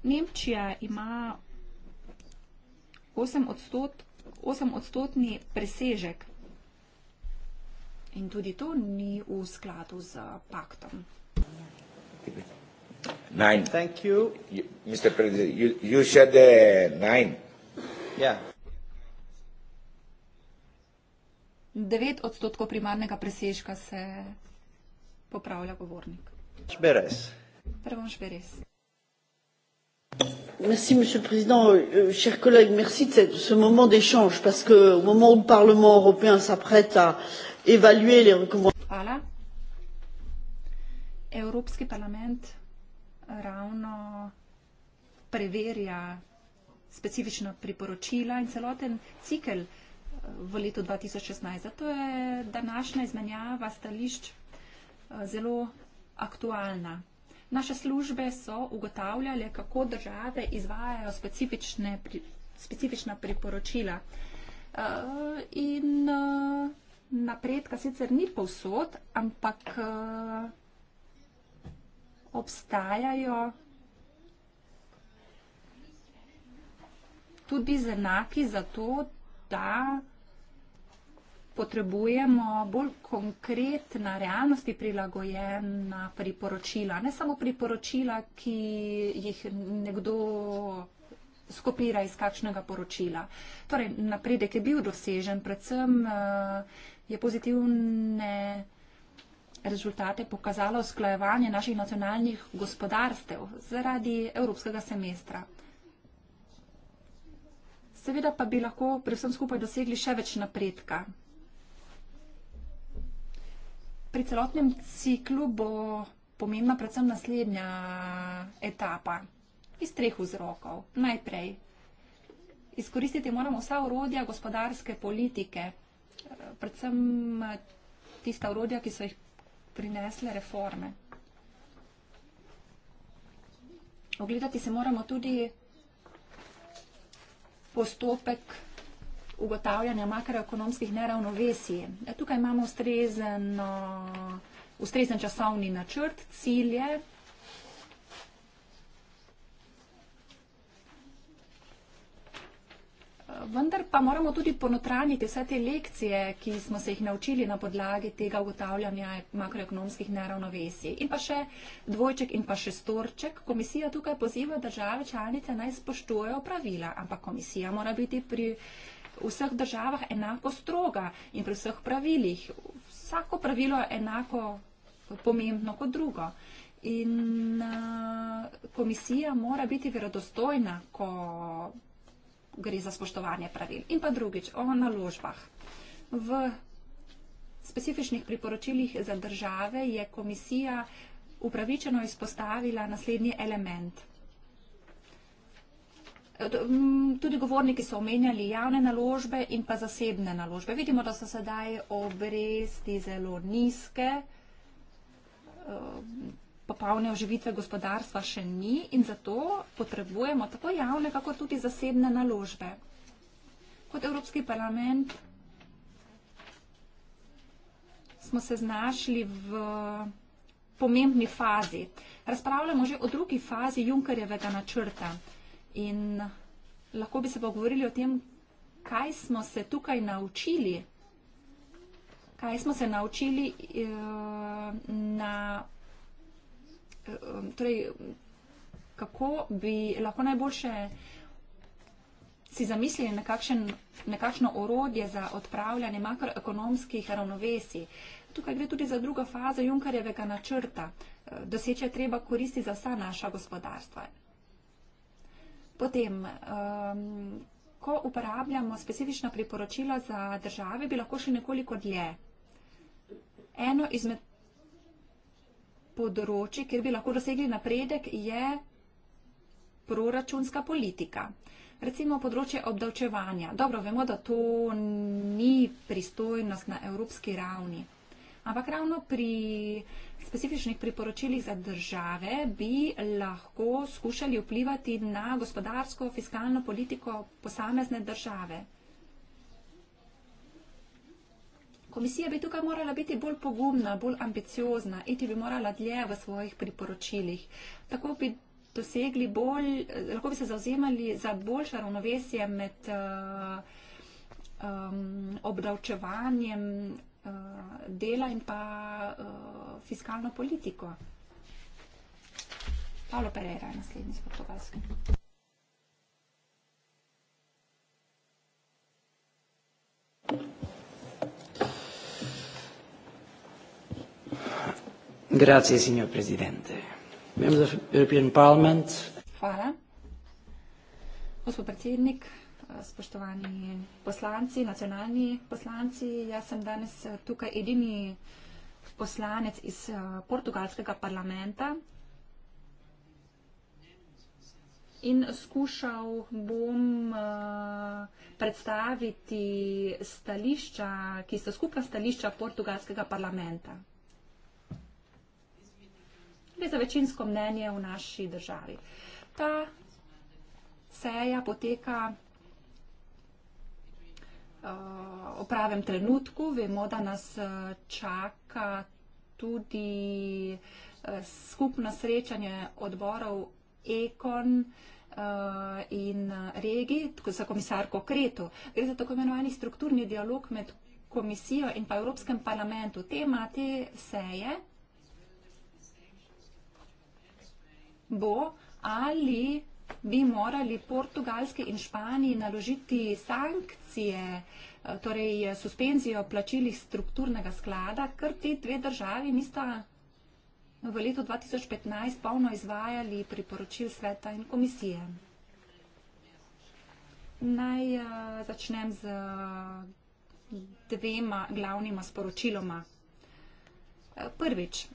Speaker 3: Nemčija ima 8, odstot, 8 odstotni presežek in tudi to ni v skladu z paktom.
Speaker 1: Nine. Thank you. you Mr. President, you, you said uh, nine.
Speaker 2: Yeah.
Speaker 3: devet odstotkov primarnega presežka se popravlja govornik. Šberes. Prvo Šberes.
Speaker 1: Merci, Monsieur le Président. Euh, chers collègues, merci de ce moment d'échange parce que au moment où le Parlement européen s'apprête à évaluer les recommandations. Voilà.
Speaker 3: Evropski parlament ravno preverja specifična priporočila in celoten cikl eh, v letu 2016. Zato je današnja izmenjava stališč eh, zelo aktualna. Naše službe so ugotavljale, kako države izvajajo specifične, specifična priporočila. Eh, in napredka sicer ni povsod, ampak obstajajo tudi znaki za to, da potrebujemo bolj konkretna, realnosti prilagojena priporočila. Ne samo priporočila, ki jih nekdo skopira iz kakšnega poročila. Torej, napredek je bil dosežen, predvsem eh, je pozitivne rezultate pokazalo sklajevanje naših nacionalnih gospodarstev zaradi evropskega semestra. Seveda pa bi lahko pri vsem skupaj dosegli še več napredka. Pri celotnem ciklu bo pomembna predvsem naslednja etapa iz treh vzrokov. Najprej izkoristiti moramo vsa urodja gospodarske politike, predvsem tista urodja, ki so jih prinesle reforme. Ogledati se moramo tudi postopek ugotavljanja makroekonomskih neravnovesij. Ja, tukaj imamo ustrezen, ustrezen časovni načrt, cilje, vendar pa moramo tudi ponotraniti vse te lekcije, ki smo se jih naučili na podlagi tega ugotavljanja makroekonomskih neravnovesij. In pa še dvojček in pa šestorček. Komisija tukaj poziva države članice naj spoštujejo pravila, ampak komisija mora biti pri vseh državah enako stroga in pri vseh pravilih. Vsako pravilo je enako pomembno kot drugo. In uh, komisija mora biti verodostojna, ko gre za spoštovanje pravil. In pa drugič, o naložbah. V specifičnih priporočilih za države je komisija upravičeno izpostavila naslednji element. Tudi govorniki so omenjali javne naložbe in pa zasebne naložbe. Vidimo, da so sedaj obresti zelo nizke popolne oživitve gospodarstva še ni in zato potrebujemo tako javne, kako tudi zasebne naložbe. Kot Evropski parlament smo se znašli v pomembni fazi. Razpravljamo že o drugi fazi Junkerjevega načrta in lahko bi se pogovorili o tem, kaj smo se tukaj naučili, kaj smo se naučili eh, na torej, kako bi lahko najboljše si zamislili nekakšen, nekakšno orodje za odpravljanje makroekonomskih ravnovesij. Tukaj gre tudi za drugo fazo Junkarjevega načrta. Doseče treba koristi za vsa naša gospodarstva. Potem, um, ko uporabljamo specifična priporočila za države, bi lahko šli nekoliko dlje. Eno izmed področji, kjer bi lahko dosegli napredek, je proračunska politika. Recimo področje obdavčevanja. Dobro, vemo, da to ni pristojnost na evropski ravni. Ampak ravno pri specifičnih priporočilih za države bi lahko skušali vplivati na gospodarsko, fiskalno politiko posamezne države. Komisija bi tukaj morala biti bolj pogumna, bolj ambiciozna, iti bi morala dlje v svojih priporočilih. Tako bi dosegli bolj, eh, lahko bi se zauzemali za boljše ravnovesje med uh, um, obdavčevanjem uh, dela in pa uh, fiskalno politiko. Paolo Pereira je naslednji iz portugalske.
Speaker 2: Grazie, signor
Speaker 3: Presidente. Members of European Parliament. Hvala. Gospod predsednik, spoštovani poslanci, nacionalni poslanci, jaz sem danes eh, tukaj edini poslanec iz eh, portugalskega parlamenta in skušal bom eh, predstaviti stališča, ki so skupna stališča portugalskega parlamenta gre za večinsko mnenje v naši državi. Ta seja poteka uh, v pravem trenutku. Vemo, da nas eh, čaka tudi uh, skupno srečanje odborov Ekon uh, in regi za komisarko Kreto. Gre za tako imenovani strukturni dialog med komisijo in pa Evropskem parlamentu. Tema te seje bo, ali bi morali Portugalski in Španiji naložiti sankcije, eh, torej eh, suspenzijo plačilih strukturnega sklada, ker ti dve državi nista v letu 2015 polno izvajali priporočil sveta in komisije. Naj uh, začnem z dvema glavnima sporočiloma. Prvič,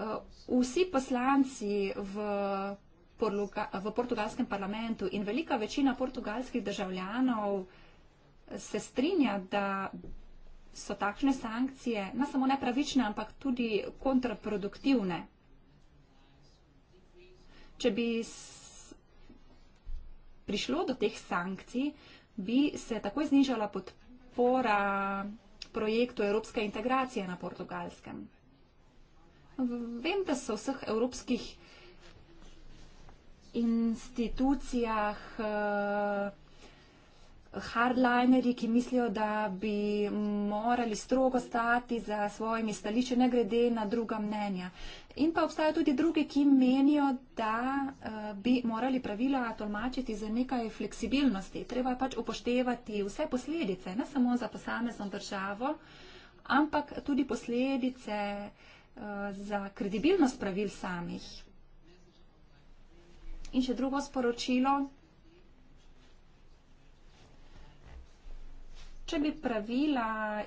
Speaker 3: Eh, vsi poslanci v, v portugalskem parlamentu in velika večina portugalskih državljanov se strinja, da so takšne sankcije ne samo nepravične, ampak tudi kontraproduktivne. Če bi prišlo do teh sankcij, bi se takoj znižala podpora projektu Evropska integracija na portugalskem. Vem, da so v vseh evropskih institucijah uh, hardlinerji, ki mislijo, da bi morali strogo stati za svojimi stališči, ne glede na druga mnenja. In pa obstajajo tudi druge, ki menijo, da uh, bi morali pravila tolmačiti za nekaj fleksibilnosti. Treba pač upoštevati vse posledice, ne samo za posamezno državo, ampak tudi posledice uh, za kredibilnost pravil samih. In še drugo sporočilo. Če bi pravila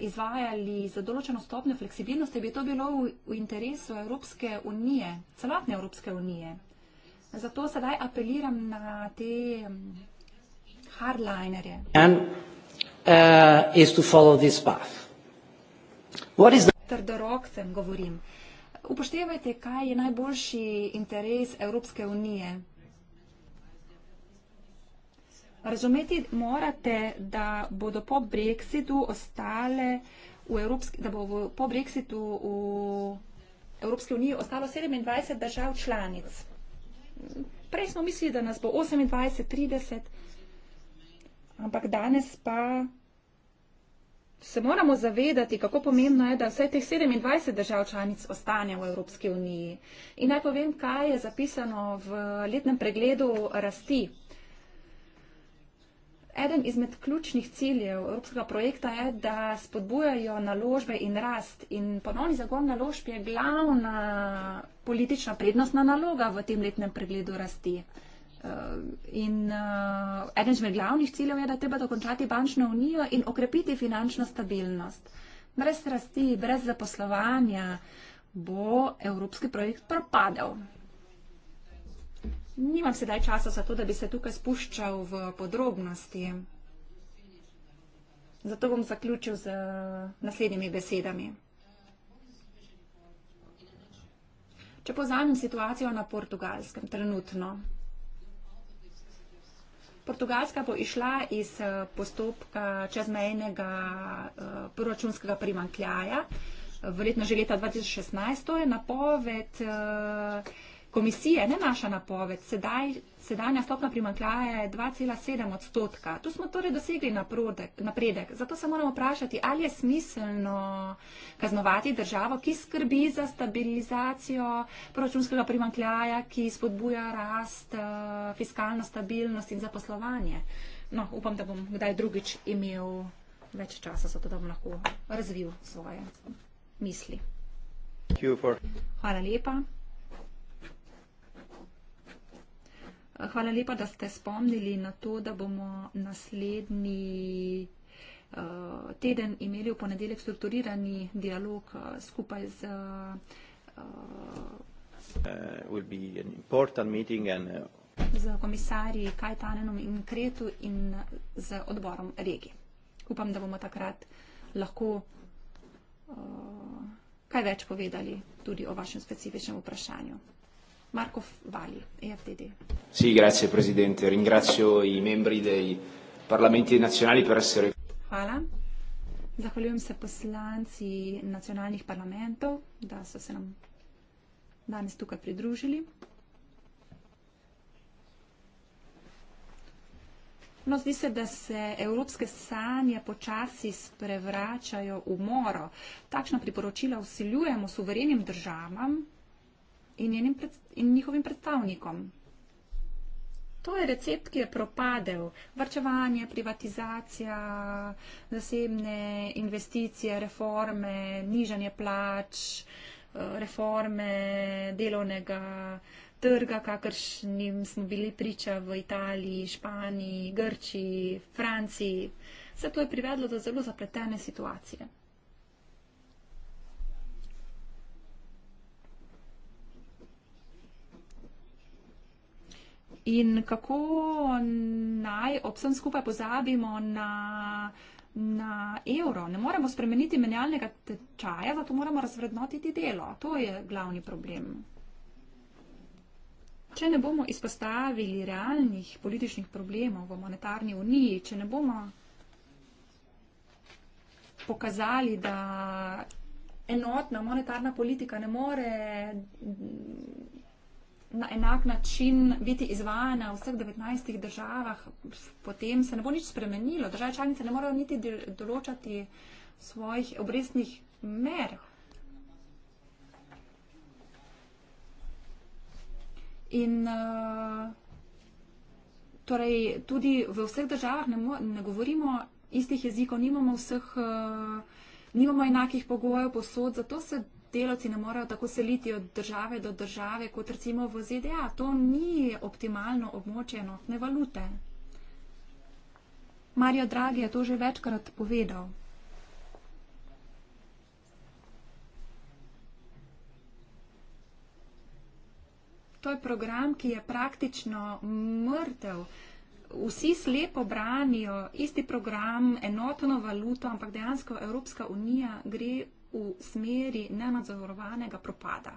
Speaker 3: izvajali za določeno stopnjo fleksibilnosti, bi to bilo v interesu Evropske unije, celotne Evropske unije. Zato sedaj apeliram na te mm, hardlinerje. Uh, Trdorokcem govorim upoštevajte, kaj je najboljši interes Evropske unije. Razumeti morate, da bodo po Brexitu ostale v Evropski, da bo po Brexitu v Evropske unije ostalo 27 držav članic. Prej smo mislili, da nas bo 28, 30, ampak danes pa se moramo zavedati, kako pomembno je, da vse teh 27 držav članic ostane v Evropski uniji. In naj povem, kaj je zapisano v letnem pregledu rasti. Eden izmed ključnih ciljev evropskega projekta je, da spodbujajo naložbe in rast. In ponovni zagon naložb je glavna politična prednostna naloga v tem letnem pregledu rasti. Eh, in uh, eden izmed glavnih ciljev je, da treba dokončati bančno unijo in okrepiti finančno stabilnost. Brez rasti, brez zaposlovanja bo evropski projekt propadel. Nimam sedaj časa za to, da bi se tukaj spuščal v podrobnosti. Zato bom zaključil z eh, naslednjimi besedami. Če povzamem situacijo na portugalskem trenutno, Portugalska bo išla iz eh, postopka čezmejnega eh, proračunskega primankljaja, eh, verjetno že leta 2016. To je napoved komisije, ne naša napoved. Sedaj sedanja stopna primankljaja je 2,7 odstotka. Tu smo torej dosegli napredek. Zato se moramo vprašati, ali je smiselno kaznovati državo, ki skrbi za stabilizacijo proračunskega primankljaja, ki spodbuja rast, eh, fiskalno stabilnost in zaposlovanje. No, upam, da bom kdaj drugič imel več časa, zato da bom lahko razvil svoje misli. Hvala lepa. Hvala lepa, da ste spomnili na to, da bomo naslednji eh, teden imeli v ponedeljek strukturirani dialog eh, skupaj z.
Speaker 2: Uh, will be an important meeting and, uh,
Speaker 3: z komisarji Kajtanenom in Kretu in z odborom regi. Upam, da bomo takrat lahko uh, kaj več povedali tudi o vašem specifičnem vprašanju. Marco Vali, EFDD.
Speaker 2: Sì, grazie Presidente. Ringrazio i membri dei parlamenti nazionali per essere qui.
Speaker 3: Hvala. Zahvaljujem se poslanci nacionalnih parlamentov, da so se nam danes tukaj pridružili. No, zdi se, da se evropske sanje počasi sprevračajo v moro. Takšno priporočilo usiljujemo suverenim državam, in, pred, in njihovim predstavnikom. To je recept, ki je propadel. Vrčevanje, privatizacija, zasebne investicije, reforme, nižanje plač, eh, reforme delovnega trga, kakršnim smo bili priča v Italiji, Španiji, Grčiji, Franciji. Vse to je privedlo do zelo zapletene situacije. in kako naj ob vsem skupaj pozabimo na, na evro. Ne moremo spremeniti menjalnega tečaja, zato moramo razvrednotiti delo. To je glavni problem. Če ne bomo izpostavili realnih političnih problemov v monetarni uniji, če ne bomo pokazali, da enotna monetarna politika ne more na enak način biti izvajana v vseh 19 državah, potem se ne bo nič spremenilo. Države članice ne morejo niti določati svojih obrestnih mer. In uh, torej tudi v vseh državah ne, ne govorimo istih jezikov, nimamo vseh, uh, nimamo enakih pogojev posod, zato se delavci ne morejo tako seliti od države do države, kot recimo v ZDA. To ni optimalno območje enotne valute. Marijo Dragi je to že večkrat povedal. To je program, ki je praktično mrtev. Vsi slepo branijo isti program, enotno valuto, ampak dejansko Evropska unija gre v smeri nenadzorovanega propada.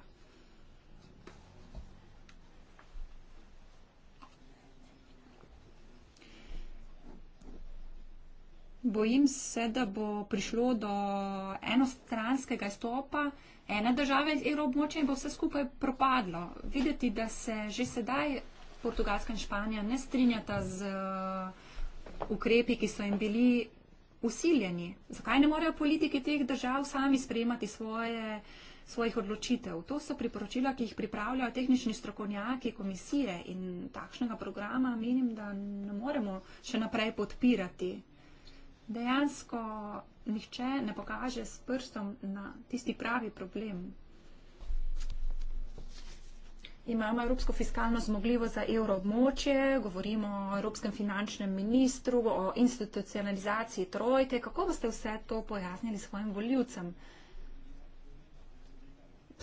Speaker 3: Bojim se, da bo prišlo do enostranskega stopa ene države iz evroobmočja in bo vse skupaj propadlo. Videti, da se že sedaj Portugalska in Španija ne strinjata z ukrepi, ki so jim bili usiljeni. Zakaj ne morejo politiki teh držav sami sprejemati svoje, svojih odločitev? To so priporočila, ki jih pripravljajo tehnični strokovnjaki komisije in takšnega programa menim, da ne moremo še naprej podpirati. Dejansko nihče ne pokaže s prstom na tisti pravi problem imamo evropsko fiskalno zmogljivo za evroobmočje, govorimo o evropskem finančnem ministru, o institucionalizaciji trojke. Kako boste vse to pojasnili svojim voljivcem?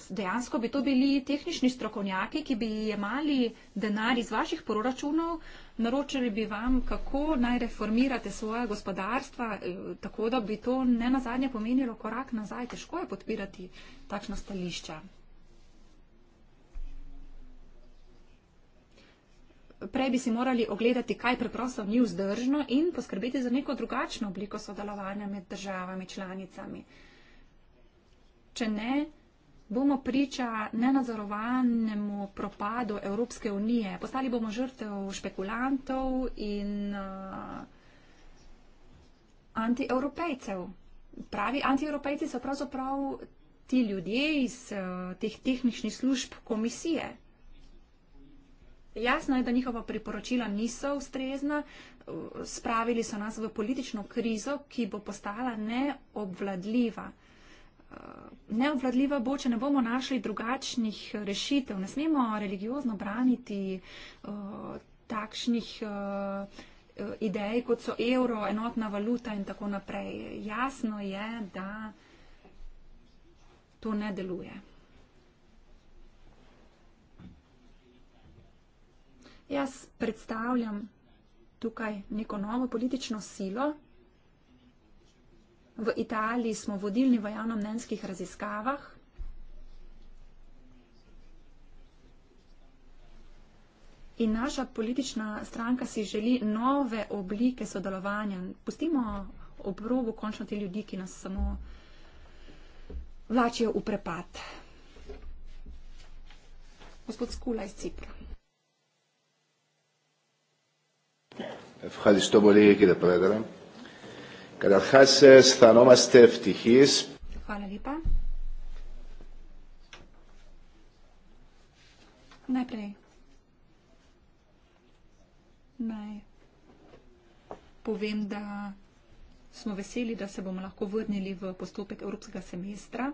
Speaker 3: Dejansko bi to bili tehnični strokovnjaki, ki bi jemali denar iz vaših proračunov, naročili bi vam, kako naj reformirate svoje gospodarstva, eh, tako da bi to ne nazadnje pomenilo korak nazaj. Težko je podpirati takšna stališča. prej bi si morali ogledati, kaj preprosto ni vzdržno in poskrbeti za neko drugačno obliko sodelovanja med državami članicami. Če ne, bomo priča nenadzorovanemu propadu Evropske unije. Postali bomo žrtev špekulantov in uh, antievropejcev. Pravi antievropejci so pravzaprav ti ljudje iz uh, teh tehničnih služb komisije. Jasno je, da njihova priporočila niso ustrezna. Spravili so nas v politično krizo, ki bo postala neobvladljiva. Eh, neobvladljiva bo, če ne bomo našli drugačnih rešitev. Ne smemo religiozno braniti eh, takšnih eh, idej, kot so evro, enotna valuta in tako naprej. Jasno je, da to ne deluje. Jaz predstavljam tukaj neko novo politično silo. V Italiji smo vodilni v javnomnenjskih raziskavah. In naša politična stranka si želi nove oblike sodelovanja. Pustimo obrobu končno te ljudi, ki nas samo vlačijo v prepad. Gospod Skula iz Cipra.
Speaker 1: Ευχαριστώ πολύ κύριε Πρόεδρε.
Speaker 3: Καταρχάς αισθανόμαστε ευτυχείς. Ευχαριστώ. Ναι, πρέπει. Ναι. Povem, da smo veseli, da se bomo lahko vrnili v postopek evropskega semestra,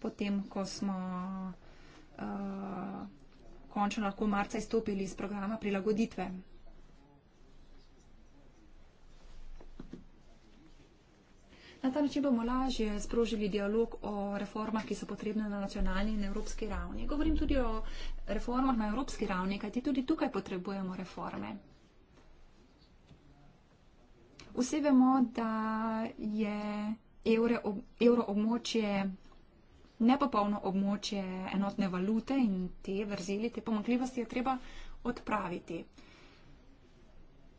Speaker 3: potem, ko smo uh, končno lahko marca izstopili iz programa prilagoditve. Na ta način bomo lažje sprožili dialog o reformah, ki so potrebne na nacionalni in evropski ravni. Govorim tudi o reformah na evropski ravni, kajti tudi tukaj potrebujemo reforme. Vse vemo, da je evroobmočje nepopolno območje enotne valute in te vrzeli, te pomakljivosti je treba odpraviti.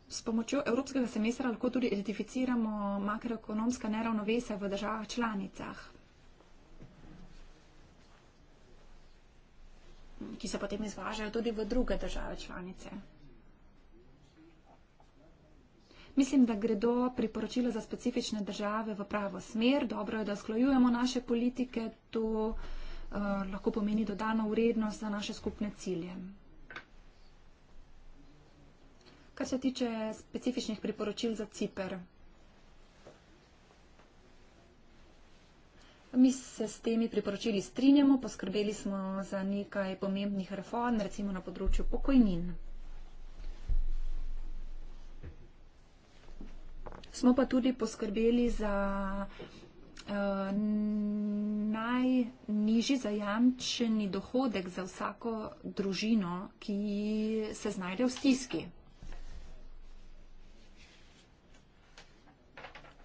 Speaker 3: S pomočjo evropskega semestra lahko tudi identificiramo makroekonomska neravnovesja v državah članicah, ki se potem izvažajo tudi v druge države članice. Mislim, da gredo priporočila za specifične države v pravo smer. Dobro je, da sklojujemo naše politike. To uh, lahko pomeni dodano urednost za naše skupne cilje. Kar se tiče specifičnih priporočil za CIPR, mi se s temi priporočili strinjamo, poskrbeli smo za nekaj pomembnih reform, recimo na področju pokojnin. Smo pa tudi poskrbeli za uh, najnižji zajamčeni dohodek za vsako družino, ki se znajde v stiski.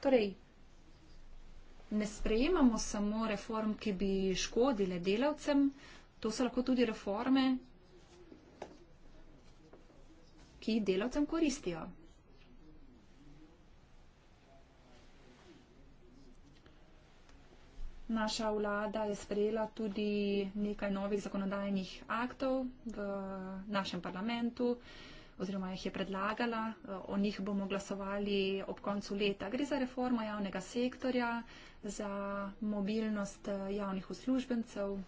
Speaker 3: Torej, ne sprejemamo samo reform, ki bi škodile delavcem, to so lahko tudi reforme, ki delavcem koristijo. Naša vlada je sprejela tudi nekaj novih zakonodajnih aktov v našem parlamentu. Uh, oziroma jih je predlagala, eh, o njih bomo glasovali ob koncu leta. Gre za reformo javnega sektorja, za mobilnost eh, javnih uslužbencev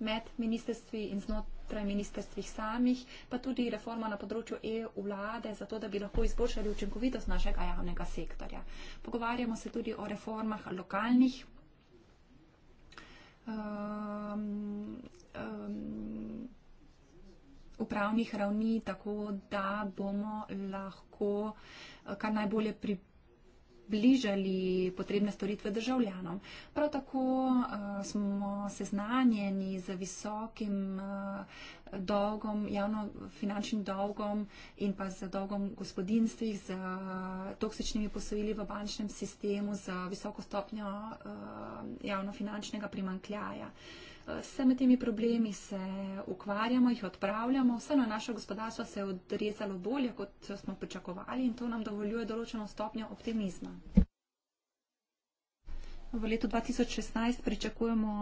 Speaker 3: med ministrstvi in znotraj ministrstvih samih, pa tudi reforma na področju EU vlade, zato da bi lahko izboljšali učinkovitost našega javnega sektorja. Pogovarjamo se tudi o reformah lokalnih. Um, um, upravnih ravni, tako da bomo lahko eh, kar najbolje pripravili bližali potrebne storitve državljanom. Prav tako uh, smo seznanjeni z visokim uh, dolgom, javnofinančnim dolgom in pa z dolgom gospodinstvih, z toksičnimi posojili v bančnem sistemu, z visoko stopnjo uh, javnofinančnega primankljaja. Uh, vsemi temi problemi se ukvarjamo, jih odpravljamo, vse na naše gospodarstvo se je odrezalo bolje, kot smo pričakovali in to nam dovoljuje določeno stopnjo optimizma. V letu 2016 pričakujemo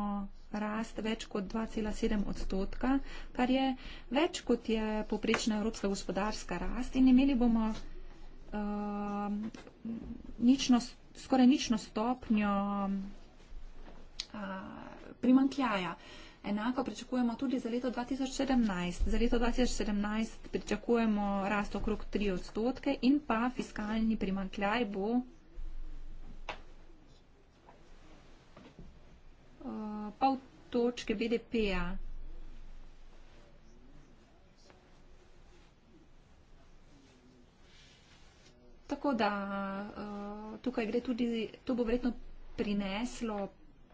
Speaker 3: rast več kot 2,7 odstotka, kar je več kot je poprečna evropska gospodarska rast in imeli bomo uh, nično, skoraj nično stopnjo uh, primankljaja. Enako pričakujemo tudi za leto 2017. Za leto 2017 pričakujemo rast okrog 3 odstotke in pa fiskalni primankljaj bo. Eh, pa v točke BDP-a. Tako da eh, tukaj gre tudi, to bo verjetno prineslo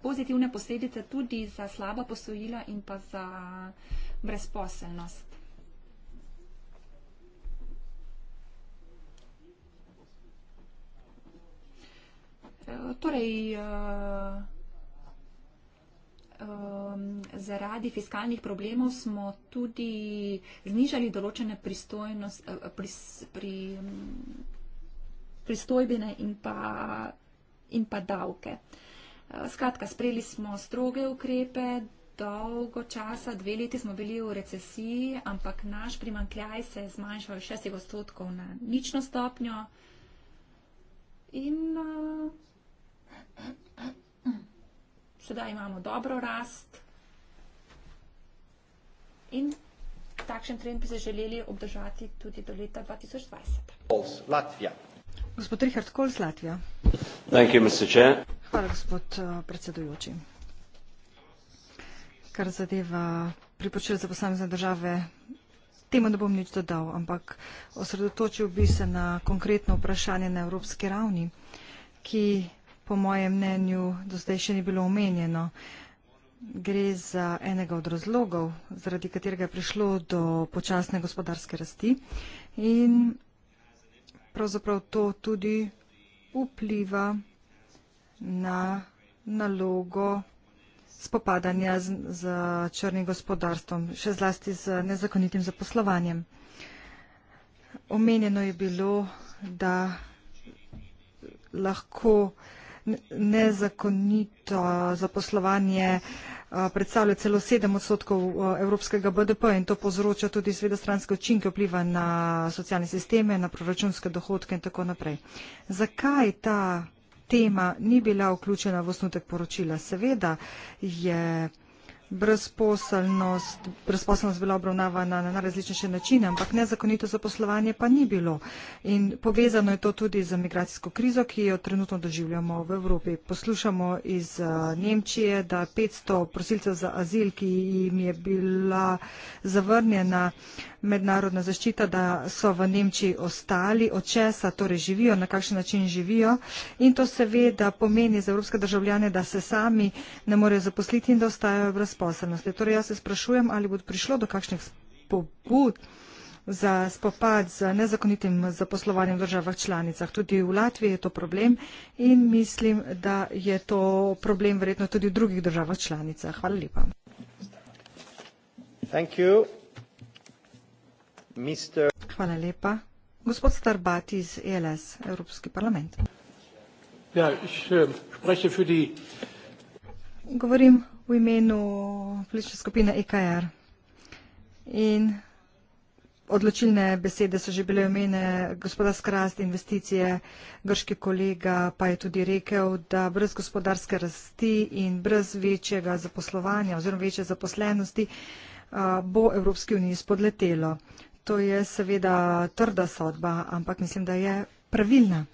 Speaker 3: pozitivne posledice tudi za slaba posojila in pa za brezposelnost. E, torej, e, e, zaradi fiskalnih problemov smo tudi znižali določene pristojbine in pa davke. Eh, skratka, sprejeli smo stroge ukrepe, dolgo časa, dve leti smo bili v recesiji, ampak naš primankljaj se je zmanjšal iz 6 odstotkov na nično stopnjo. In uh, sedaj imamo dobro rast. In takšen trend bi se želeli obdržati tudi do leta 2020.
Speaker 2: Latvija.
Speaker 1: Gospod Richard Kohl z Latvije. Hvala, gospod eh, predsedujoči. Kar zadeva priporočila za posamezne države, temu ne bom nič dodal, ampak osredotočil bi se na konkretno vprašanje na evropski ravni, ki po mojem mnenju do zdaj še ni bilo omenjeno. Gre za enega od razlogov, zaradi katerega je prišlo do počasne gospodarske rasti in pravzaprav to tudi vpliva na nalogo spopadanja z, z črnim gospodarstvom, še zlasti z nezakonitim zaposlovanjem. Omenjeno je bilo, da lahko nezakonito zaposlovanje uh, predstavlja celo sedem odstotkov e, evropskega BDP in to povzroča tudi seveda stranske učinke vpliva na socialne sisteme, na proračunske dohodke in tako naprej. Zakaj ta tema ni bila vključena v osnutek poročila? Seveda je brezposelnost, brezposelnost bila obravnavana na različnejše načine, ampak nezakonito zaposlovanje pa ni bilo. In povezano je to tudi z migracijsko krizo, ki jo trenutno doživljamo v Evropi. Poslušamo iz eh, Nemčije, da 500 prosilcev za azil, ki jim je bila zavrnjena mednarodna zaščita, da so v Nemčiji ostali, od česa torej živijo, na kakšen način živijo. In to seveda pomeni za evropske državljane, da se sami ne morejo zaposliti in da ostajajo brez brezposelnosti. Torej, jaz se sprašujem, ali bo prišlo do kakšnih pobud za spopad z nezakonitim zaposlovanjem v državah članicah. Tudi v Latviji je to problem in mislim, da je to problem verjetno tudi v drugih državah članicah. Hvala lepa.
Speaker 2: Thank you. Mister...
Speaker 1: Hvala lepa. Gospod Starbat iz ELS, Evropski parlament.
Speaker 2: Ja, ich äh, spreche für die...
Speaker 1: Govorim v imenu politične skupine EKR. In odločilne besede so že bile v imene gospodarska rast, investicije, grški kolega pa je tudi rekel, da brez gospodarske rasti in brez večjega zaposlovanja oziroma večje zaposlenosti bo Evropski uniji spodletelo. To je seveda trda sodba, ampak mislim, da je pravilna.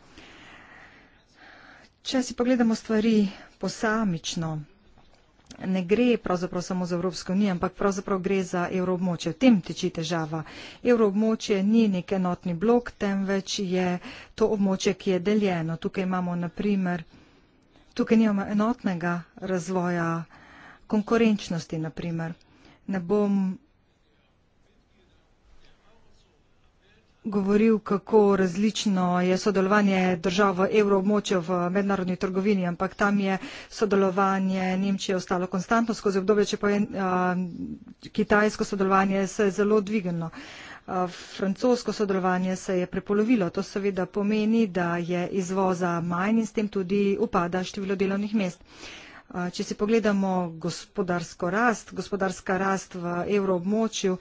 Speaker 1: Če si pogledamo stvari posamično, ne gre pravzaprav samo za Evropsko unijo, ampak pravzaprav gre za evroobmočje. V tem teči težava. Evroobmočje ni nek enotni blok, temveč je to območje, ki je deljeno. Tukaj imamo naprimer, tukaj nimamo enotnega razvoja konkurenčnosti, naprimer. Ne bom govoril, kako različno je sodelovanje držav v evroobmočju v mednarodni trgovini, ampak tam je sodelovanje Nemčije ostalo konstantno skozi obdobje, če pa je kitajsko sodelovanje se je zelo dvigeno. Francosko sodelovanje se je prepolovilo. To seveda pomeni, da je izvoza manj in s tem tudi upada število delovnih mest. Če si pogledamo gospodarsko rast, gospodarska rast v evroobmočju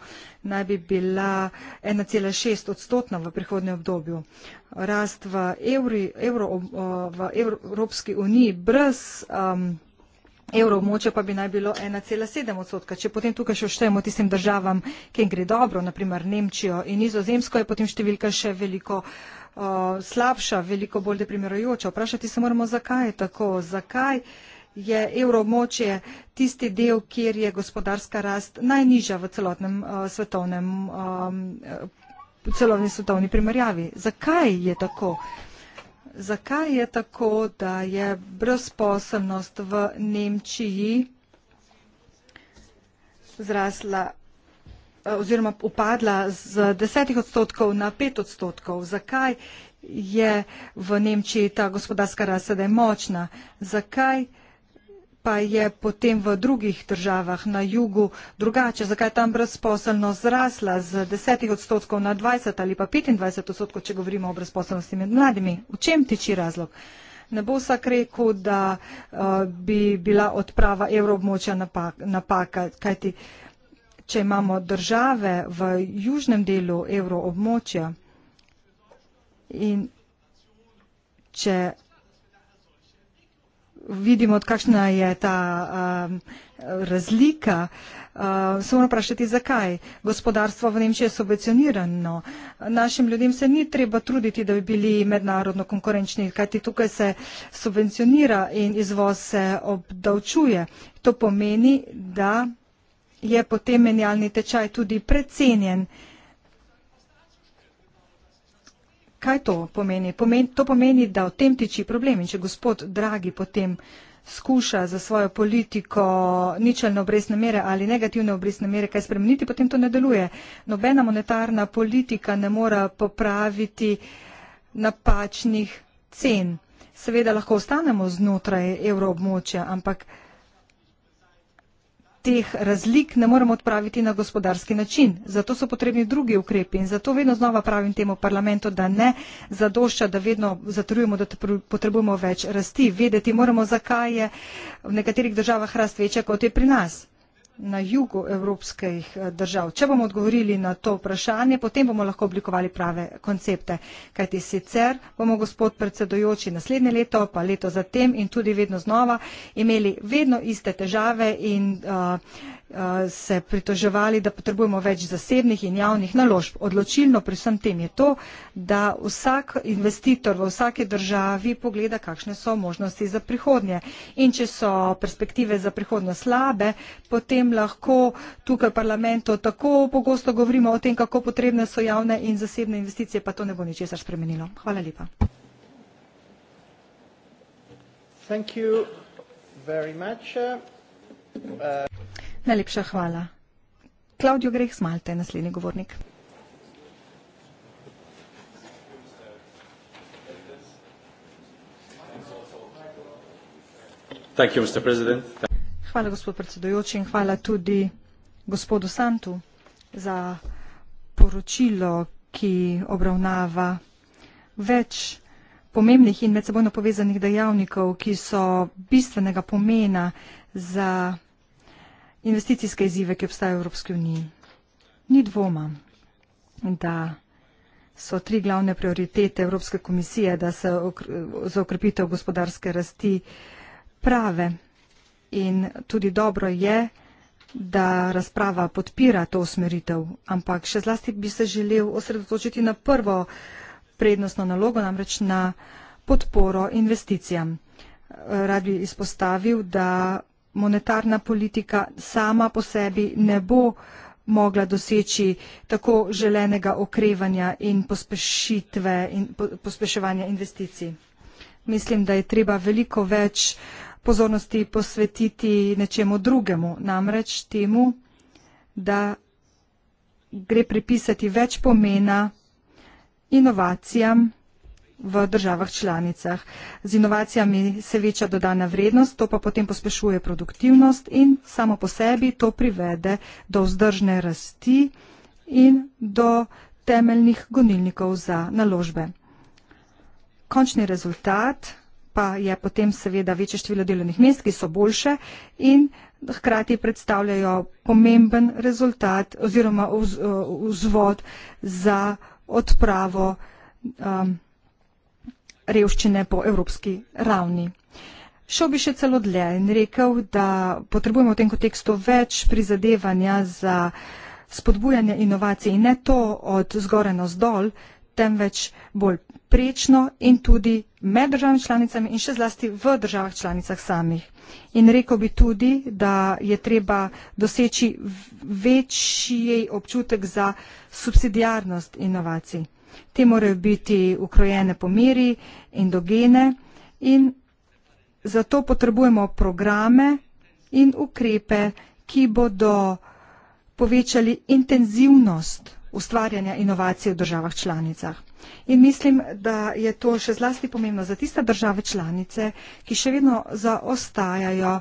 Speaker 1: naj bi bila 1,6 odstotna v prihodnjem obdobju. Rast v, evri, evro, v Evropski uniji brez um, evroobmočja pa bi naj bilo 1,7 odstotka. Če potem tukaj še oštejemo tistim državam, ki gre dobro, naprimer Nemčijo in Nizozemsko, je potem številka še veliko uh, slabša, veliko bolj deprimerojoča. Vprašati se moramo, zakaj je tako, zakaj je evroobmočje tisti del, kjer je gospodarska rast najnižja v celotnem uh, svetovnem, um, eh, celotni svetovni primerjavi. Zakaj je tako? Zakaj je tako, da je brezposobnost v Nemčiji zrasla eh, oziroma upadla z desetih odstotkov na pet odstotkov? Zakaj je v Nemčiji ta gospodarska rast sedaj močna? Zakaj pa je potem v drugih državah na jugu drugače? Zakaj je tam brezposelnost zrasla z 10 odstotkov na 20 ali pa 25 odstotkov, če govorimo o brezposelnosti med mladimi? V čem tiči razlog? Ne bo vsak rekel, da uh, bi bila odprava evroobmočja napaka, napaka, kajti če imamo države v južnem delu evroobmočja in če vidimo, kakšna je ta um, razlika. Uh, se moramo vprašati, zakaj. Gospodarstvo v Nemčiji je subvencionirano. Našim ljudem se ni treba truditi, da bi bili mednarodno konkurenčni, kajti tukaj se subvencionira in izvoz se obdavčuje. To pomeni, da je potem menjalni tečaj tudi precenjen. Kaj to pomeni? Pomen, to pomeni, da v tem tiči problem in če gospod Dragi potem skuša za svojo politiko ničelne obresne mere ali negativne obresne mere kaj spremeniti, potem to ne deluje. Nobena monetarna politika ne mora popraviti napačnih cen. Seveda lahko ostanemo znotraj evroobmočja, ampak teh razlik ne moremo odpraviti na gospodarski način. Zato so potrebni drugi ukrepi in zato vedno znova pravim temu parlamentu, da ne zadošča, da vedno zatrujemo, da potrebujemo več rasti. Vedeti moramo, zakaj je v nekaterih državah rast večja, kot je pri nas na jugu evropskih eh, držav. Če bomo odgovorili na to vprašanje, potem bomo lahko oblikovali prave koncepte. Kajti sicer bomo, gospod predsedojoči, naslednje leto, pa leto zatem in tudi vedno znova imeli vedno iste težave in uh, Eh, se pritoževali, da potrebujemo več zasebnih in javnih naložb. Odločilno pri vsem tem je to, da vsak investitor v vsake državi pogleda, kakšne so možnosti za prihodnje. In če so perspektive za prihodnje slabe, potem lahko tukaj v parlamentu tako pogosto govorimo o tem, kako potrebne so javne in zasebne investicije, pa to ne bo ničesar spremenilo. Hvala lepa.
Speaker 2: Thank you very much. Uh,
Speaker 1: Najlepša hvala. Klaudijo Greh, smalte, naslednji govornik. Hvala, gospod predsedujoči, in hvala tudi gospodu Santu za poročilo, ki obravnava več pomembnih in medsebojno povezanih dejavnikov, ki so bistvenega pomena za investicijske izzive, ki obstajajo v Evropski uniji. Ni dvoma, da so tri glavne prioritete Evropske komisije, da se za okrepitev gospodarske rasti prave. In tudi dobro je, da razprava podpira to usmeritev, ampak še zlasti bi se želel osredotočiti na prvo prednostno nalogo, namreč na podporo investicijam. Rad bi izpostavil, da monetarna politika sama po sebi ne bo mogla doseči tako želenega okrevanja in pospešitve in pospeševanja investicij. Mislim, da je treba veliko več pozornosti posvetiti nečemu drugemu, namreč temu, da gre pripisati več pomena inovacijam v državah članicah. Z inovacijami se veča dodana vrednost, to pa potem pospešuje produktivnost in samo po sebi to privede do vzdržne rasti in do temeljnih gonilnikov za naložbe. Končni rezultat pa je potem seveda večje število delovnih mest, ki so boljše in hkrati predstavljajo pomemben rezultat oziroma vz, eh, vzvod za odpravo um, revščine po evropski ravni. Šel bi še celo dlje in rekel, da potrebujemo v tem kontekstu več prizadevanja za spodbujanje inovacij in ne to od zgore na zdol, temveč bolj prečno in tudi med državami članicami in še zlasti v državah članicah samih. In rekel bi tudi, da je treba doseči večji občutek za subsidijarnost inovacij. Te morajo biti ukrojene po meri, endogene in zato potrebujemo programe in ukrepe, ki bodo povečali intenzivnost ustvarjanja inovacij v državah članicah. In mislim, da je to še zlasti pomembno za tiste države članice, ki še vedno zaostajajo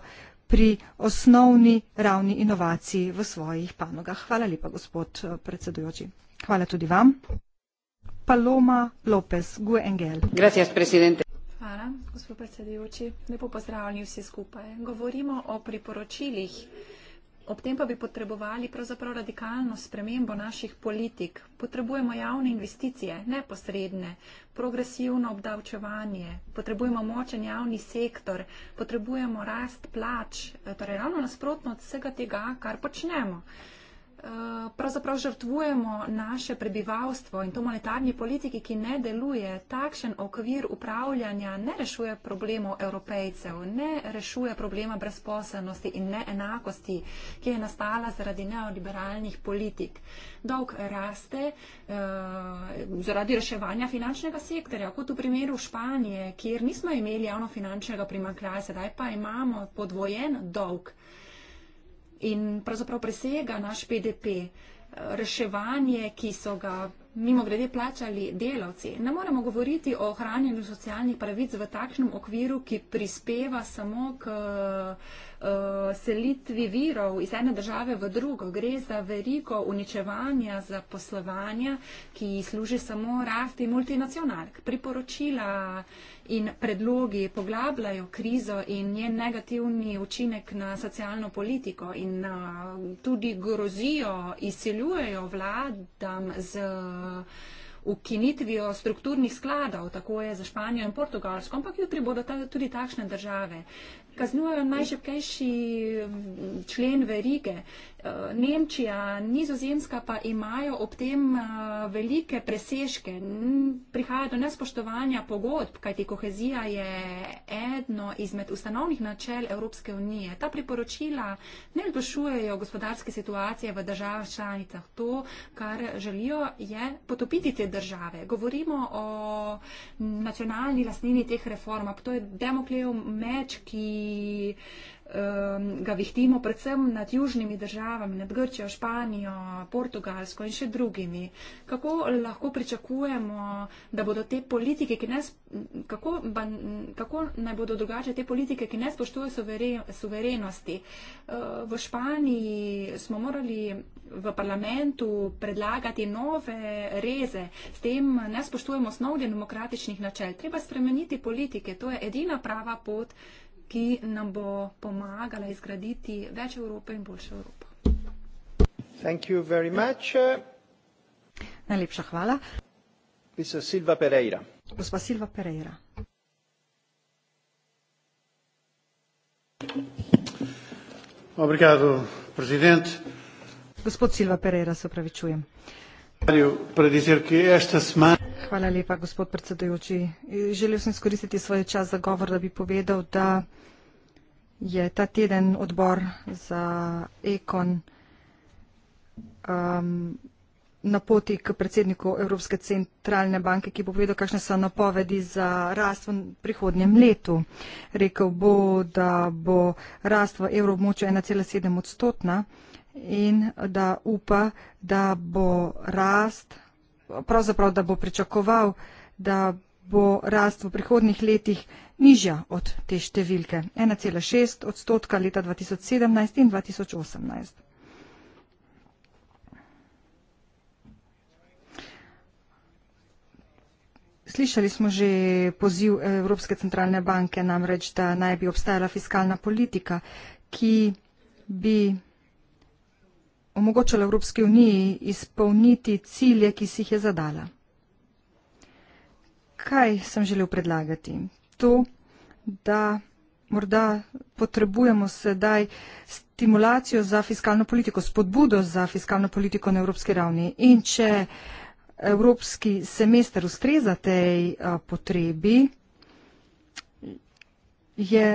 Speaker 1: pri osnovni ravni inovacij v svojih panogah. Hvala lepa, gospod eh, predsedujoči. Hvala tudi vam. Hvala,
Speaker 3: gospod predsedujoči. Lepo pozdravljeni vsi skupaj. Govorimo o priporočilih. Ob tem pa bi potrebovali pravzaprav radikalno spremembo naših politik. Potrebujemo javne investicije, neposredne, progresivno obdavčevanje, potrebujemo močen javni sektor, potrebujemo rast plač, torej ravno nasprotno od vsega tega, kar počnemo. Eh, pravzaprav žrtvujemo naše prebivalstvo in to monetarni politiki, ki ne deluje, takšen okvir upravljanja ne rešuje problemov evropejcev, ne rešuje problema brezposelnosti in neenakosti, ki je nastala zaradi neoliberalnih politik. Dolg raste uh, zaradi reševanja finančnega sektorja, kot v primeru Španije, kjer nismo imeli javnofinančnega primankljaja, sedaj pa imamo podvojen dolg in pravzaprav presega naš PDP. Reševanje, ki so ga mimo grede plačali delavci. Ne moremo govoriti o ohranjanju socialnih pravic v takšnem okviru, ki prispeva samo k Eh, selitvi virov iz ene države v drugo. Gre za veriko uničevanja za poslovanja, ki služi samo rasti multinacionalk. Priporočila in predlogi poglabljajo krizo in njen negativni učinek na socialno politiko in uh, tudi grozijo, izseljujejo vladam z ukinitvijo strukturnih skladov, tako je za Španijo in Portugalsko, ampak jutri bodo tudi takšne države kaznujejo najšepkejši mm, člen verige. Eh, Nemčija, nizozemska pa imajo ob tem eh, velike presežke. Prihaja do nespoštovanja pogodb, kajti kohezija je eno izmed ustanovnih načel Evropske unije. Ta priporočila ne vzdušujejo gospodarske situacije v državah članicah. To, kar želijo, je potopiti te države. Govorimo o nacionalni lasnini teh reform. To je demoklejo meč, ki um, ga vihtimo predvsem nad južnimi državami, nad Grčijo, Španijo, Portugalsko in še drugimi. Kako lahko pričakujemo, da bodo te politike, ki ne, kako, ba, kako naj bodo drugače te politike, ki ne spoštujejo suverenosti? Uh, v Španiji smo morali v parlamentu predlagati nove reze, s tem ne spoštujemo osnovne demokratičnih načel. Treba spremeniti politike, to je edina prava pot ki nam bo pomagala izgraditi več Evrope in boljšo Evropo.
Speaker 1: Thank you very much. Najlepša hvala. Gospa Silva Pereira. Gospa Silva Pereira.
Speaker 3: Obrigado, president.
Speaker 1: Gospod Silva Pereira, se opravičujem. Predizir, ki je esta semana. Hvala lepa, gospod predsedujoči. Želel sem skoristiti svoj čas za govor, da bi povedal, da je ta teden odbor za ekon um, na poti k predsedniku Evropske centralne banke, ki bo povedal, kakšne so napovedi za rast v prihodnjem letu. Rekel bo, da bo rast v evroobmočju 1,7 odstotna in da upa, da bo rast pravzaprav, da bo pričakoval, da bo rast v prihodnih letih nižja od te številke 1,6 odstotka leta 2017 in 2018. Slišali smo že poziv Evropske centralne banke namreč, da naj bi obstajala fiskalna politika, ki bi omogočala Evropske unije izpolniti cilje, ki si jih je zadala. Kaj sem želel predlagati? To, da morda potrebujemo sedaj stimulacijo za fiskalno politiko, spodbudo za fiskalno politiko na evropski ravni. In če evropski semester ustreza tej potrebi, je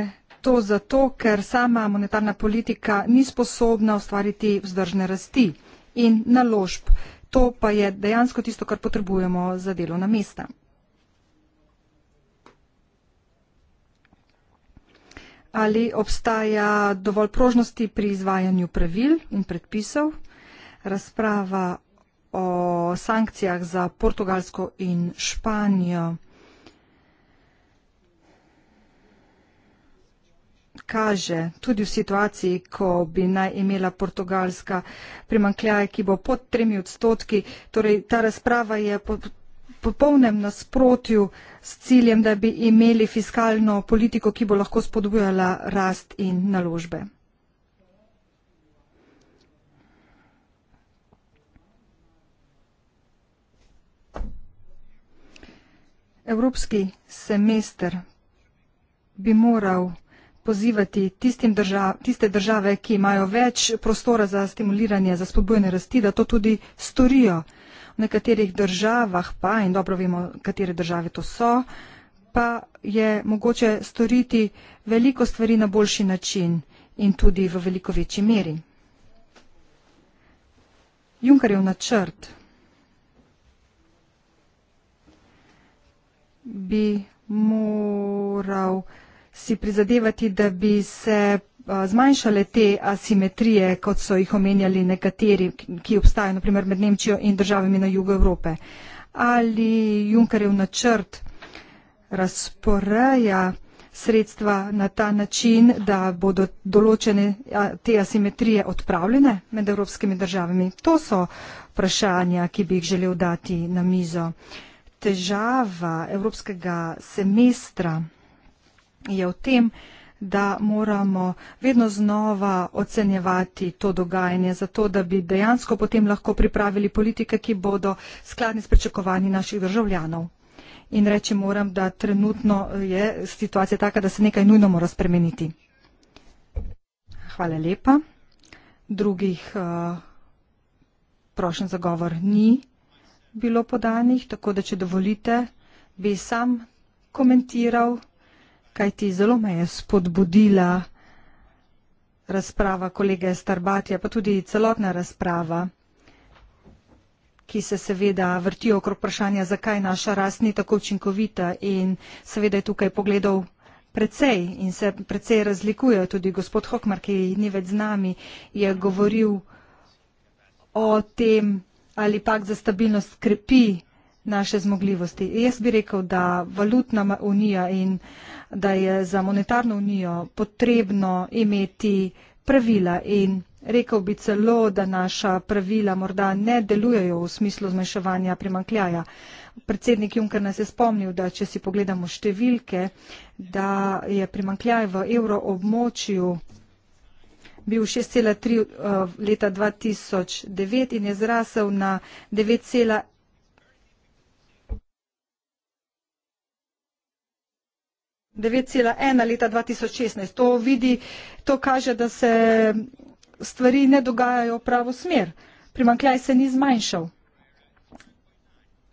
Speaker 1: to zato, ker sama monetarna politika ni sposobna ustvariti vzdržne rasti in naložb. To pa je dejansko tisto, kar potrebujemo za delo na mesta. Ali obstaja dovolj prožnosti pri izvajanju pravil in predpisov? Razprava o sankcijah za Portugalsko in Španijo. kaže tudi v situaciji, ko bi naj imela portugalska primankljaje, ki bo pod tremi odstotki. Torej, ta razprava je po popolnem nasprotju s ciljem, da bi imeli fiskalno politiko, ki bo lahko spodbujala rast in naložbe. Evropski semester bi moral pozivati držav, tiste države, ki imajo več prostora za stimuliranje, za spodbojne rasti, da to tudi storijo. V nekaterih državah pa, in dobro vemo, katere države to so, pa je mogoče storiti veliko stvari na boljši način in tudi v veliko večji meri. Junkarjev načrt bi moral si prizadevati, da bi se zmanjšale te asimetrije, kot so jih omenjali nekateri, ki obstajajo naprimer med Nemčijo in državami na jugu Evrope. Ali Junkarjev načrt razporeja sredstva na ta način, da bodo določene te asimetrije odpravljene med evropskimi državami? To so vprašanja, ki bi jih želel dati na mizo. Težava evropskega semestra je v tem, da moramo vedno znova ocenjevati to dogajanje, zato da bi dejansko potem lahko pripravili politike, ki bodo skladni s pričakovanji naših državljanov. In reči moram, da trenutno je situacija taka, da se nekaj nujno mora spremeniti. Hvala lepa. Drugih uh, eh, prošen zagovor ni bilo podanih, tako da če dovolite, bi sam komentiral kajti zelo me je spodbudila razprava kolege Starbatja, pa tudi celotna razprava, ki se seveda vrti okrog vprašanja, zakaj naša rast ni tako učinkovita in seveda je tukaj pogledal precej in se precej razlikuje. Tudi gospod Hokmar, ki ni več z nami, je govoril o tem, ali pak za stabilnost krepi naše zmogljivosti. Jaz bi rekel, da valutna unija in da je za monetarno unijo potrebno imeti pravila in rekel bi celo, da naša pravila morda ne delujejo v smislu zmanjševanja primankljaja. Predsednik Juncker nas je spomnil, da če si pogledamo številke, da je primankljaj v evroobmočju bil 6,3 uh, eh, leta 2009 in je zrasel na 9,1 leta 2016. To vidi, to kaže, da se stvari ne dogajajo v pravo smer. Primankljaj se ni zmanjšal.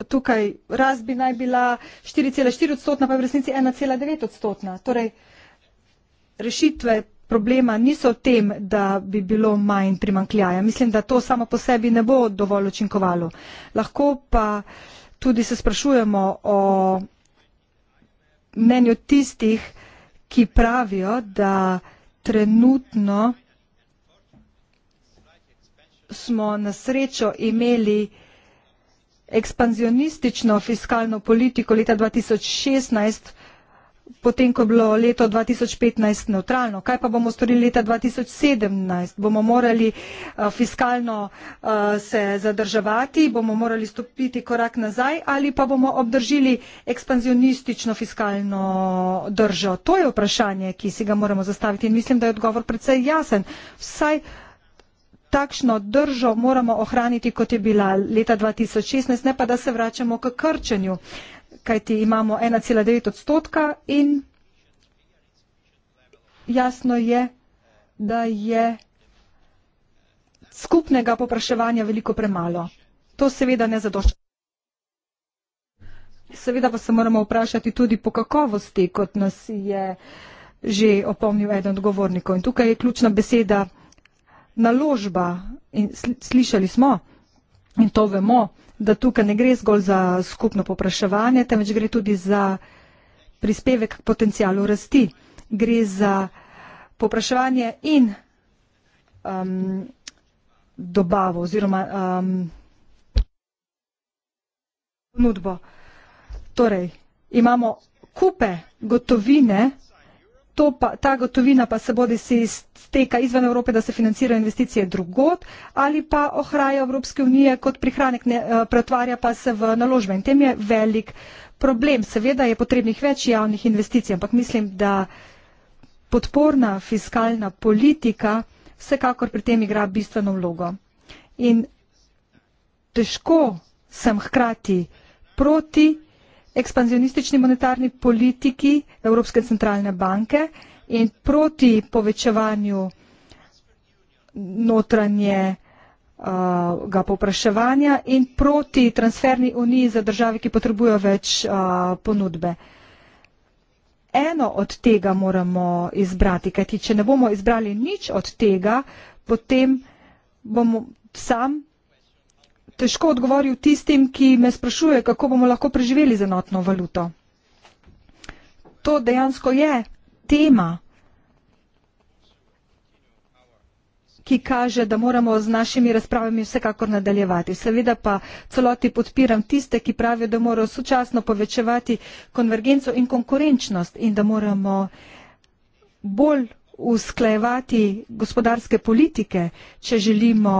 Speaker 1: Tukaj rast bi naj bila 4,4 odstotna, pa je v resnici 1,9 odstotna. Torej, rešitve problema niso v tem, da bi bilo manj primankljaja. Mislim, da to samo po sebi ne bo dovolj učinkovalo. Lahko pa tudi se sprašujemo o mnenju tistih, ki pravijo, da trenutno smo na srečo imeli ekspanzionistično fiskalno politiko leta 2016, potem, ko je bilo leto 2015 neutralno. Kaj pa bomo storili leta 2017? Bomo morali uh, fiskalno uh, se zadrževati, bomo morali stopiti korak nazaj ali pa bomo obdržili ekspanzionistično fiskalno držo? To je vprašanje, ki si ga moramo zastaviti in mislim, da je odgovor predvsej jasen. Vsaj takšno držo moramo ohraniti, kot je bila leta 2016, ne pa da se vračamo k krčenju kajti imamo 1,9 odstotka in jasno je, da je skupnega popraševanja veliko premalo. To seveda ne zadošča. Seveda pa se moramo vprašati tudi po kakovosti, kot nas je že opomnil eden od govornikov. In tukaj je ključna beseda naložba. In slišali smo in to vemo, da tukaj ne gre zgolj za skupno popraševanje, temveč gre tudi za prispevek k potencijalu rasti. Gre za popraševanje in um, dobavo oziroma um, ponudbo. Um, torej, imamo kupe gotovine, to pa, ta gotovina pa se bodi si steka izven Evrope, da se financirajo investicije drugot ali pa ohraja Evropske unije kot prihranek, ne, eh, pretvarja pa se v naložbe. In tem je velik problem. Seveda je potrebnih več javnih investicij, ampak mislim, da podporna fiskalna politika vsekakor pri tem igra bistveno vlogo. In težko sem hkrati proti ekspanzionistični monetarni politiki Evropske centralne banke in proti povečevanju notranje uh, ga popraševanja in proti transferni uniji za države, ki potrebujejo več uh, ponudbe. Eno od tega moramo izbrati, kajti če ne bomo izbrali nič od tega, potem bomo sam težko odgovoril tistim, ki me sprašujejo, kako bomo lahko preživeli z enotno valuto. To dejansko je tema, ki kaže, da moramo z našimi razpravami vsekakor nadaljevati. Seveda pa celoti podpiram tiste, ki pravijo, da morajo sočasno povečevati konvergenco in konkurenčnost in da moramo bolj usklajevati gospodarske politike, če želimo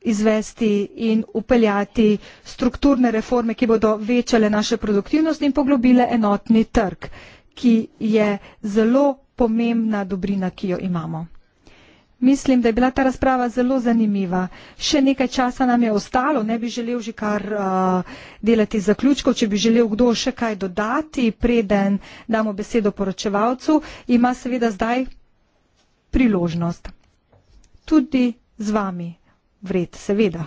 Speaker 1: izvesti in upeljati strukturne reforme, ki bodo večale naše produktivnost in poglobile enotni trg, ki je zelo pomembna dobrina, ki jo imamo. Mislim, da je bila ta razprava zelo zanimiva. Še nekaj časa nam je ostalo, ne bi želel že kar uh, delati zaključkov, če bi želel kdo še kaj dodati, preden damo besedo poročevalcu, ima seveda zdaj priložnost. Tudi z vami vred, seveda.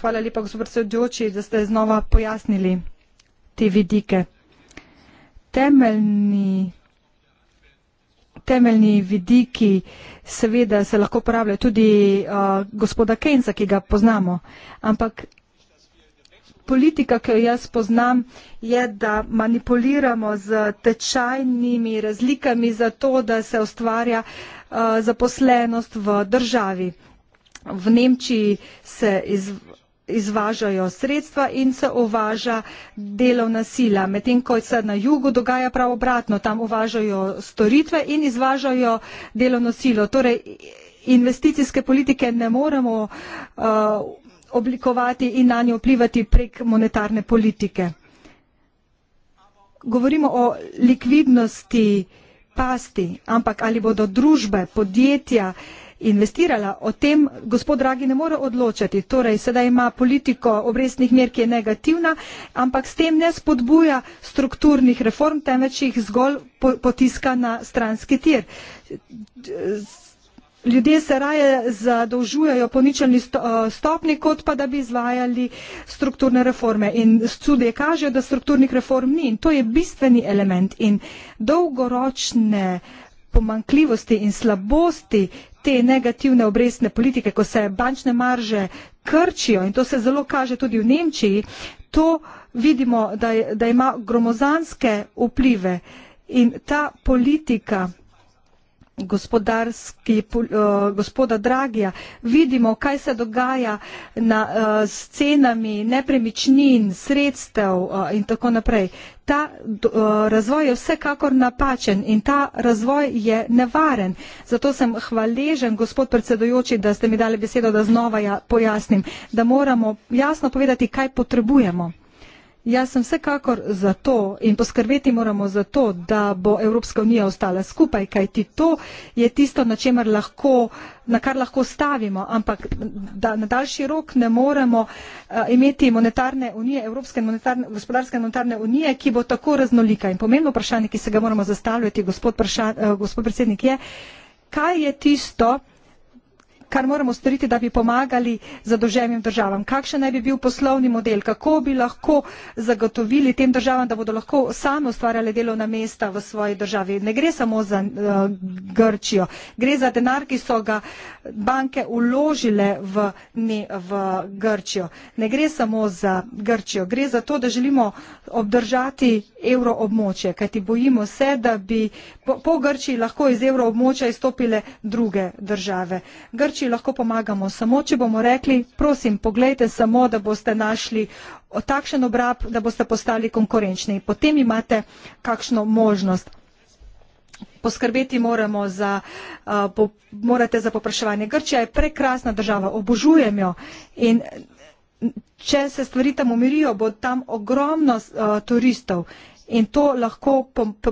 Speaker 1: Hvala lepa, gospod predsedujoči, da ste znova pojasnili te vidike. Temeljni, temeljni vidiki seveda se lahko uporabljajo tudi uh, gospoda Kenza, ki ga poznamo, ampak politika, ki jo jaz poznam, je, da manipuliramo z tečajnimi razlikami za to, da se ustvarja uh, Eh, zaposlenost v državi. V Nemčiji se iz, izvažajo sredstva in se uvaža delovna sila. Medtem, ko se na jugu dogaja prav obratno, tam uvažajo storitve in izvažajo delovno silo. Torej, investicijske politike ne moremo uh, oblikovati in na njo vplivati prek monetarne politike. Govorimo o likvidnosti uh, pasti, ampak ali bodo družbe, podjetja investirala, o tem gospod Dragi ne more odločati. Torej, sedaj ima politiko obrestnih mer, ki je negativna, ampak s tem ne spodbuja strukturnih reform, temveč jih zgolj potiska na stranski tir ljudje se raje zadolžujejo po ničelni eh, stopni, kot pa da bi izvajali strukturne reforme. In studije kažejo, da strukturnih reform ni in to je bistveni element in dolgoročne pomankljivosti in slabosti te negativne obrestne politike, ko se bančne marže krčijo in to se zelo kaže tudi v Nemčiji, to vidimo, da, da ima gromozanske vplive in ta politika gospodarski, eh, gospoda Dragija, vidimo, kaj se dogaja na, eh, s cenami nepremičnin, sredstev eh, in tako naprej. Ta razvoj je vsekakor napačen in ta razvoj je nevaren. Zato sem hvaležen, gospod predsedojoči, da ste mi dali besedo, da znova ja pojasnim, da moramo jasno povedati, kaj potrebujemo. Jaz sem vsekakor za to in poskrbeti moramo za to, da bo Evropska unija ostala skupaj, kajti to je tisto, na, lahko, na kar lahko stavimo, ampak da na daljši rok ne moremo uh, imeti monetarne unije, Evropske monetarne, gospodarske monetarne unije, ki bo tako raznolika. In pomembno vprašanje, ki se ga moramo zastavljati, gospod, vprašan, uh, eh, gospod predsednik, je, kaj je tisto, kar moramo storiti, da bi pomagali zadoženim državam? Kakšen naj bi bil poslovni model? Kako bi lahko zagotovili tem državam, da bodo lahko same ustvarjale delovna mesta v svoji državi? Ne gre samo za uh, Grčijo, gre za denar, ki so ga banke uložile v, ne, v Grčijo. Ne gre samo za Grčijo, gre za to, da želimo obdržati euroobmočje, kajti bojimo se, da bi po, po Grčiji lahko iz euroobmočja izstopile druge države. Grč sreči lahko pomagamo samo, če bomo rekli, prosim, poglejte samo, da boste našli takšen obrab, da boste postali konkurenčni. Potem imate kakšno možnost. Poskrbeti moramo za, uh, po, morate za popraševanje. Grčija je prekrasna država, obožujem jo. In če se stvari tam umirijo, bo tam ogromno uh, turistov in to lahko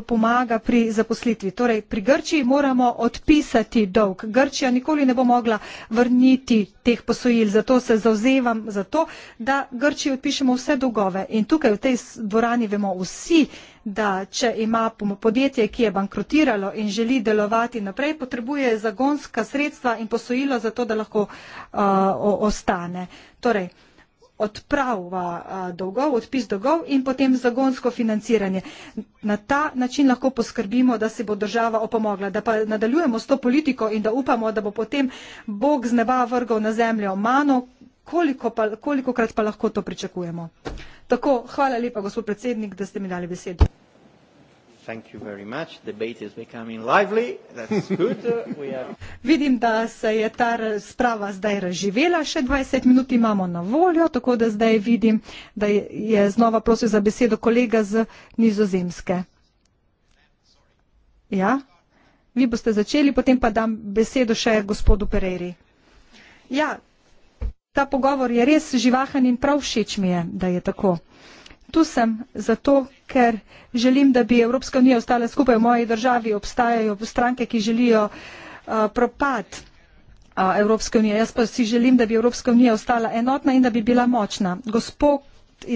Speaker 1: pomaga pri zaposlitvi. Torej, pri Grčiji moramo odpisati dolg. Grčija nikoli ne bo mogla vrniti teh posojil, zato se zauzevam za to, da Grčiji odpišemo vse dolgove. In tukaj v tej dvorani vemo vsi, da če ima podjetje, ki je bankrotiralo in želi delovati naprej, potrebuje zagonska sredstva in posojilo za to, da lahko uh, ostane. Torej, odprava dolgov, odpis dolgov in potem zagonsko financiranje. Na ta način lahko poskrbimo, da se bo država opomogla, da pa nadaljujemo s to politiko in da upamo, da bo potem Bog z neba vrgal na zemljo mano, koliko pa, kolikokrat pa lahko to pričakujemo. Tako, hvala lepa, gospod predsednik, da ste mi dali besedo.
Speaker 2: Thank you very much. Debate is becoming lively. That's good. We are...
Speaker 1: Vidim, da se je ta sprava zdaj razživela. Še 20 minut imamo na voljo, tako da zdaj vidim, da je znova prosil za besedo kolega z nizozemske. Ja, vi boste začeli, potem pa dam besedo še gospodu Pereri. Ja, ta pogovor je res živahen in prav všeč mi je, da je tako. Tu sem zato, ker želim, da bi Evropska unija ostala skupaj. V moji državi obstajajo stranke, ki želijo uh, propad uh, Evropske unije. Jaz pa si želim, da bi Evropska unija ostala enotna in da bi bila močna. Gospod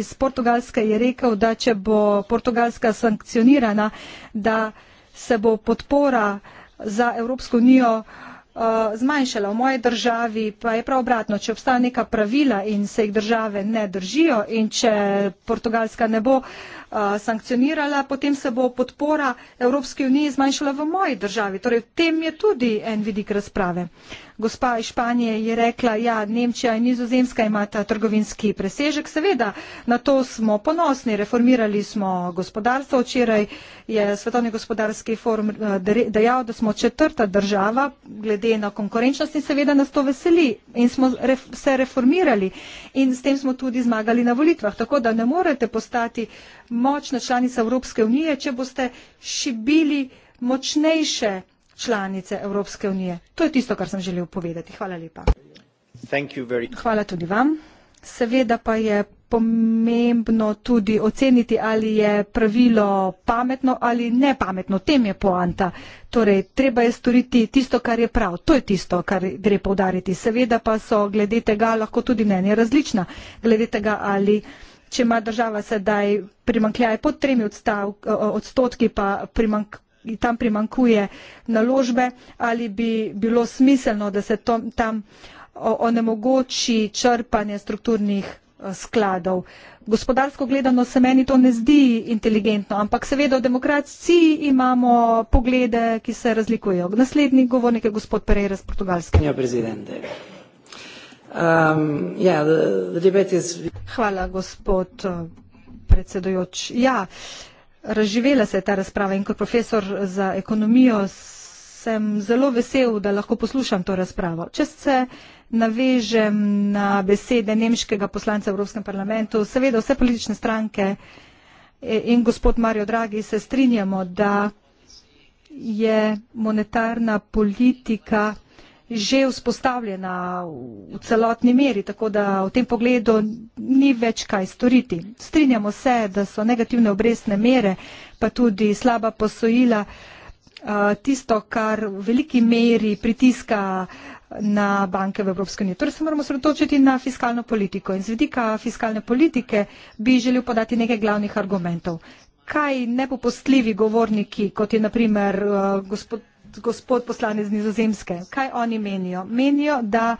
Speaker 1: iz Portugalske je rekel, da če bo Portugalska sankcionirana, da se bo podpora za Evropsko unijo uh, Eh, zmanjšala. V moji državi pa je prav obratno, če obstaja neka pravila in se jih države ne držijo in če Portugalska ne bo uh, Eh, sankcionirala, potem se bo podpora Evropske unije zmanjšala v moji državi. Torej, tem je tudi en vidik razprave. Gospa iz Španije je rekla, ja, Nemčija in Nizozemska imata trgovinski presežek. Seveda, na to smo ponosni, reformirali smo gospodarstvo. Včeraj je Svetovni gospodarski forum eh, dejal, da smo četrta država glede na konkurenčnost in seveda nas to veseli in smo se reformirali in s tem smo tudi zmagali na volitvah. Tako da ne morete postati uh, močna članica Evropske unije, če boste šibili močnejše članice Evropske unije. To je tisto, kar sem želel povedati. Hvala lepa.
Speaker 3: Very...
Speaker 1: Hvala tudi vam. Seveda pa je pomembno tudi oceniti, ali je pravilo pametno ali nepametno. Tem je poanta. Torej, treba je storiti tisto, kar je prav. To je tisto, kar gre poudariti. Seveda pa so glede tega lahko tudi mnenje različna. Glede tega ali če ima država sedaj primankljaj pod tremi odstav, odstotki, pa primank, tam primankuje naložbe, ali bi bilo smiselno, da se to, tam onemogoči črpanje strukturnih eh, skladov. Gospodarsko gledano se meni to ne zdi inteligentno, ampak seveda v demokraciji imamo poglede, ki se razlikujejo. Naslednji govornik je gospod Pereira iz Portugalske. Ja, Um, Hvala, gospod uh, predsedujoč. Ja, razživela se je ta razprava in kot profesor za ekonomijo sem zelo vesel, da lahko poslušam to razpravo. Če se navežem na besede nemškega poslanca v Evropskem parlamentu, seveda vse politične stranke in gospod Mario Draghi se strinjamo, da je monetarna politika že vzpostavljena v celotni meri, tako da v tem pogledu ni več kaj storiti. Strinjamo se, da so negativne obrestne mere, pa tudi slaba posojila, eh, tisto, kar v veliki meri pritiska na banke v Evropske unije. Torej se moramo sredotočiti na fiskalno politiko in z vidika fiskalne politike bi želel podati nekaj glavnih argumentov. Kaj nepopostljivi govorniki, kot je naprimer eh, gospod gospod poslanec nizozemske. Kaj oni menijo? Menijo, da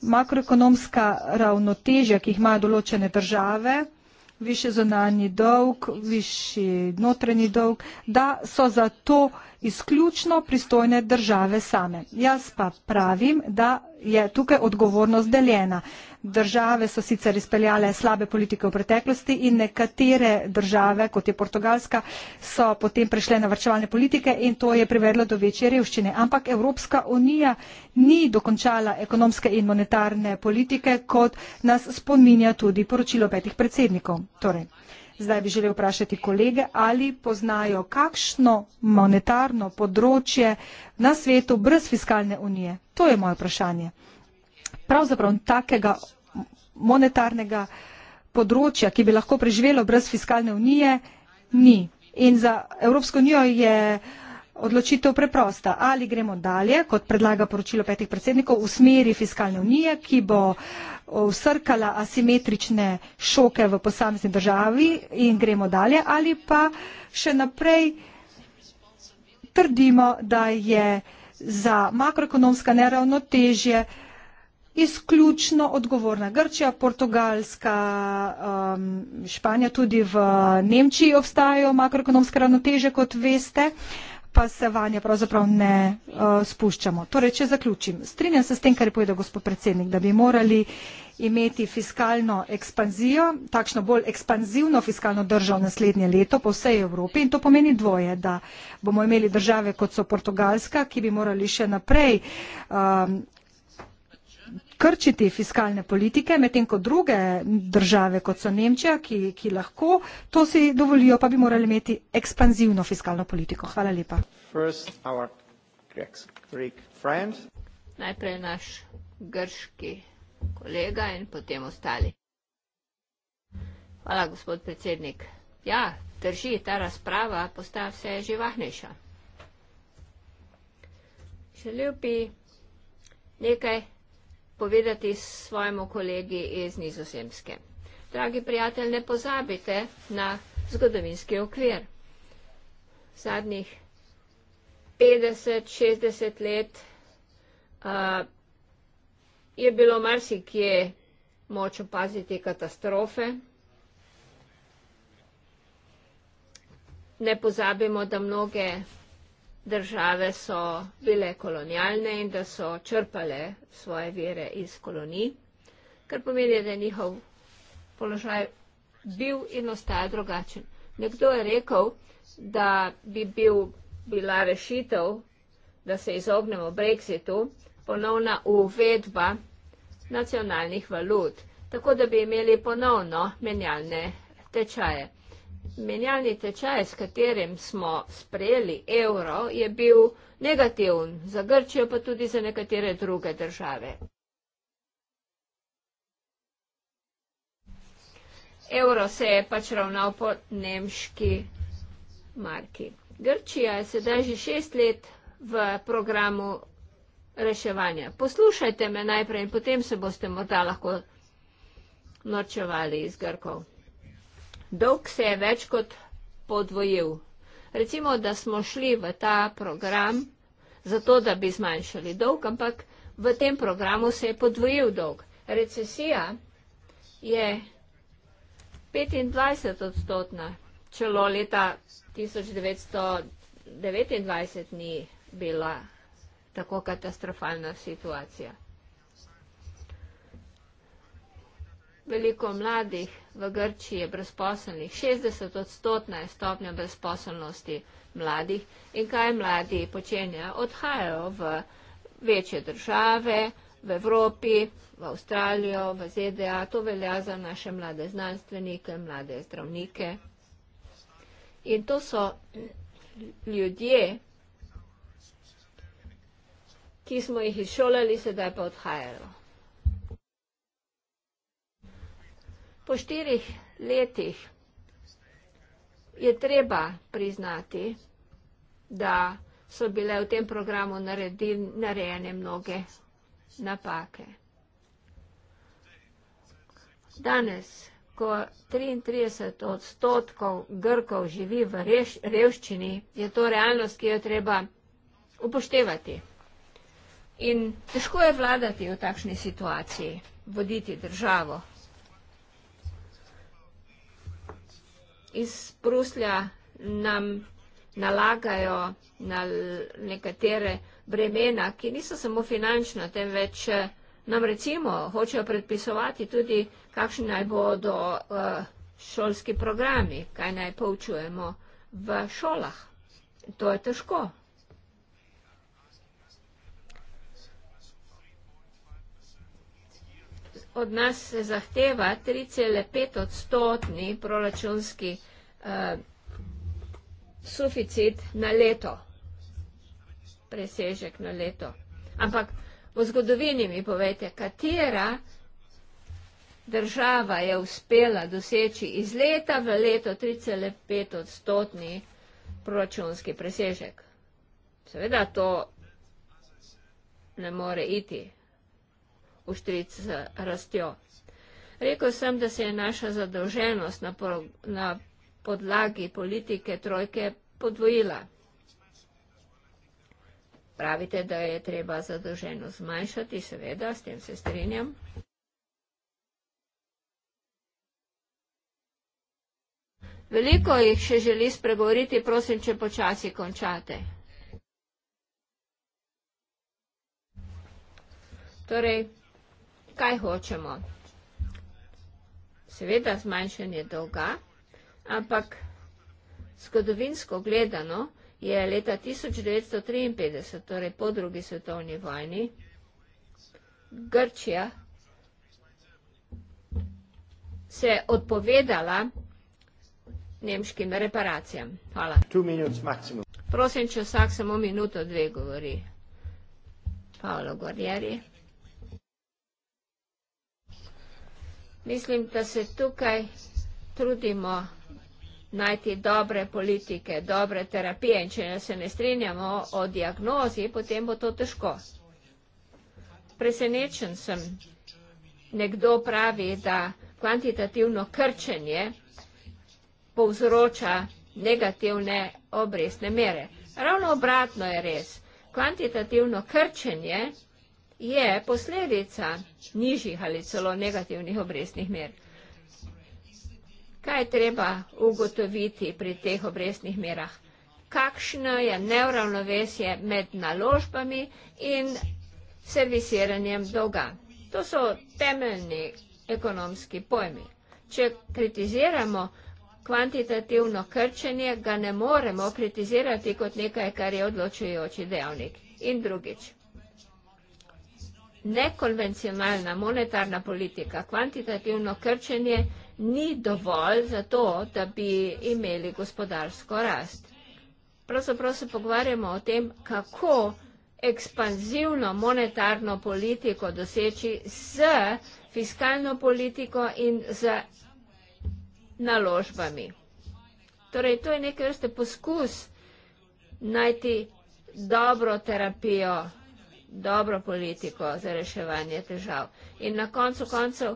Speaker 1: makroekonomska ravnotežja, ki jih imajo določene države, više zonalni dolg, više notranji dolg, da so za to izključno pristojne države same. Jaz pa pravim, da je tukaj odgovornost deljena. Države so sicer izpeljale slabe politike v preteklosti in nekatere države, kot je Portugalska, so potem prešle na vrčevalne politike in to je privedlo do večje revščine. Ampak Evropska unija ni dokončala ekonomske in monetarne politike, kot nas spominja tudi poročilo petih predsednikov. Torej, Zdaj bi želel vprašati kolege, ali poznajo kakšno monetarno področje na svetu brez fiskalne unije. To je moje vprašanje. Pravzaprav takega monetarnega področja, ki bi lahko preživelo brez fiskalne unije, ni. In za Evropsko unijo je uh, odločitev preprosta. Ali gremo dalje, kot predlaga poročilo petih predsednikov, v smeri fiskalne unije, ki bo vsrkala asimetrične šoke v posamezni državi in gremo dalje, ali pa še naprej trdimo, da je za makroekonomska neravnotežje izključno odgovorna Grčija, Portugalska, um, Španija, tudi v Nemčiji obstajajo makroekonomske ravnoteže, kot veste. Uh, pa se vanje pravzaprav ne uh, spuščamo. Torej, če zaključim, strinjam se s tem, kar je povedal gospod predsednik, da bi morali imeti fiskalno ekspanzijo, takšno bolj ekspanzivno fiskalno državo naslednje leto po vsej Evropi in to pomeni dvoje, da bomo imeli države, kot so Portugalska, ki bi morali še naprej um, krčiti fiskalne politike, medtem ko druge države, kot so Nemčija, ki, ki lahko to si dovolijo, pa bi morali imeti ekspanzivno fiskalno politiko. Hvala lepa.
Speaker 3: First,
Speaker 2: Najprej naš grški kolega in potem ostali. Hvala, gospod predsednik. Ja, drži, ta razprava postaja vse živahnejša. Želel bi nekaj povedati svojemu kolegi iz Nizozemske. Dragi prijatelj, ne pozabite na zgodovinski okvir. Zadnjih 50-60 let uh, je bilo marsikje moč opaziti katastrofe. Ne pozabimo, da mnoge države so bile kolonialne in da so črpale svoje vere iz kolonij, kar pomeni, da je njihov položaj bil in ostaja drugačen. Nekdo je rekel, da bi bil, bila rešitev, da se izognemo brexitu, ponovna uvedba nacionalnih valut, tako da bi imeli ponovno menjalne tečaje. Menjalni tečaj, s katerim smo sprejeli evro, je bil negativen za Grčijo, pa tudi za nekatere druge države. Evro se je pač ravnal po nemški marki. Grčija je sedaj že šest let v programu reševanja. Poslušajte me najprej in potem se boste morda lahko norčevali iz Grkov dolg se je več kot podvojil. Recimo, da smo šli v ta program zato, da bi zmanjšali dolg, ampak v tem programu se je podvojil dolg. Recesija je 25 odstotna, čelo leta 1929 ni bila tako katastrofalna situacija. veliko mladih v Grčiji je brezposelnih, 60 odstotna je stopnja brezposelnosti mladih in kaj mladi počenjajo? Odhajajo v večje države, v Evropi, v Avstralijo, v ZDA, to velja za naše mlade znanstvenike, mlade zdravnike. In to so ljudje, ki smo jih izšolali, sedaj pa odhajajo. po štirih letih je treba priznati, da so bile v tem programu narejene mnoge napake. Danes, ko 33 odstotkov Grkov živi v revščini, je to realnost, ki jo treba upoštevati. In težko je vladati v takšni situaciji, voditi državo. iz Bruslja nam nalagajo na nekatere bremena, ki niso samo finančna, temveč eh, nam recimo hočejo predpisovati tudi, kakšni naj bodo eh, šolski programi, kaj naj poučujemo v šolah. To je težko. od nas se zahteva 3,5 odstotni proračunski uh, suficit na leto, presežek na leto. Ampak v zgodovini mi povete, katera država je uspela doseči iz leta v leto 3,5 odstotni proračunski presežek. Seveda to ne more iti, uštric z rastjo. Rekl sem, da se je naša zadolženost na, po, na podlagi politike trojke podvojila. Pravite, da je treba zadolženost zmanjšati, seveda, s tem se strinjam. Veliko jih še želi spregovoriti, prosim, če počasi končate. Torej, kaj hočemo? Seveda zmanjšanje dolga, ampak zgodovinsko gledano je leta 1953, torej po drugi svetovni vojni, Grčija se je odpovedala nemškim reparacijam. Hvala. Prosim, če vsak samo minuto dve govori. Paolo Gorjeri. Mislim, da se tukaj trudimo najti dobre politike, dobre terapije in če se ne strinjamo o diagnozi, potem bo to težko. Presenečen sem, nekdo pravi, da kvantitativno krčenje povzroča negativne obrestne mere. Ravno obratno je res. Kvantitativno krčenje je posledica nižjih ali celo negativnih obrestnih mer. Kaj je treba ugotoviti pri teh obrestnih merah? Kakšno je neuravnovesje med naložbami in servisiranjem dolga? To so temeljni ekonomski pojmi. Če kritiziramo kvantitativno krčenje, ga ne moremo kritizirati kot nekaj, kar je odločujoči dejavnik. In drugič nekonvencionalna monetarna politika, kvantitativno krčenje ni dovolj za to, da bi imeli gospodarsko rast. Pravzaprav se pogovarjamo o tem, kako ekspanzivno monetarno politiko doseči z fiskalno politiko in z naložbami. Torej, to je nekaj vrste poskus najti dobro terapijo dobro politiko za reševanje težav. In na koncu koncev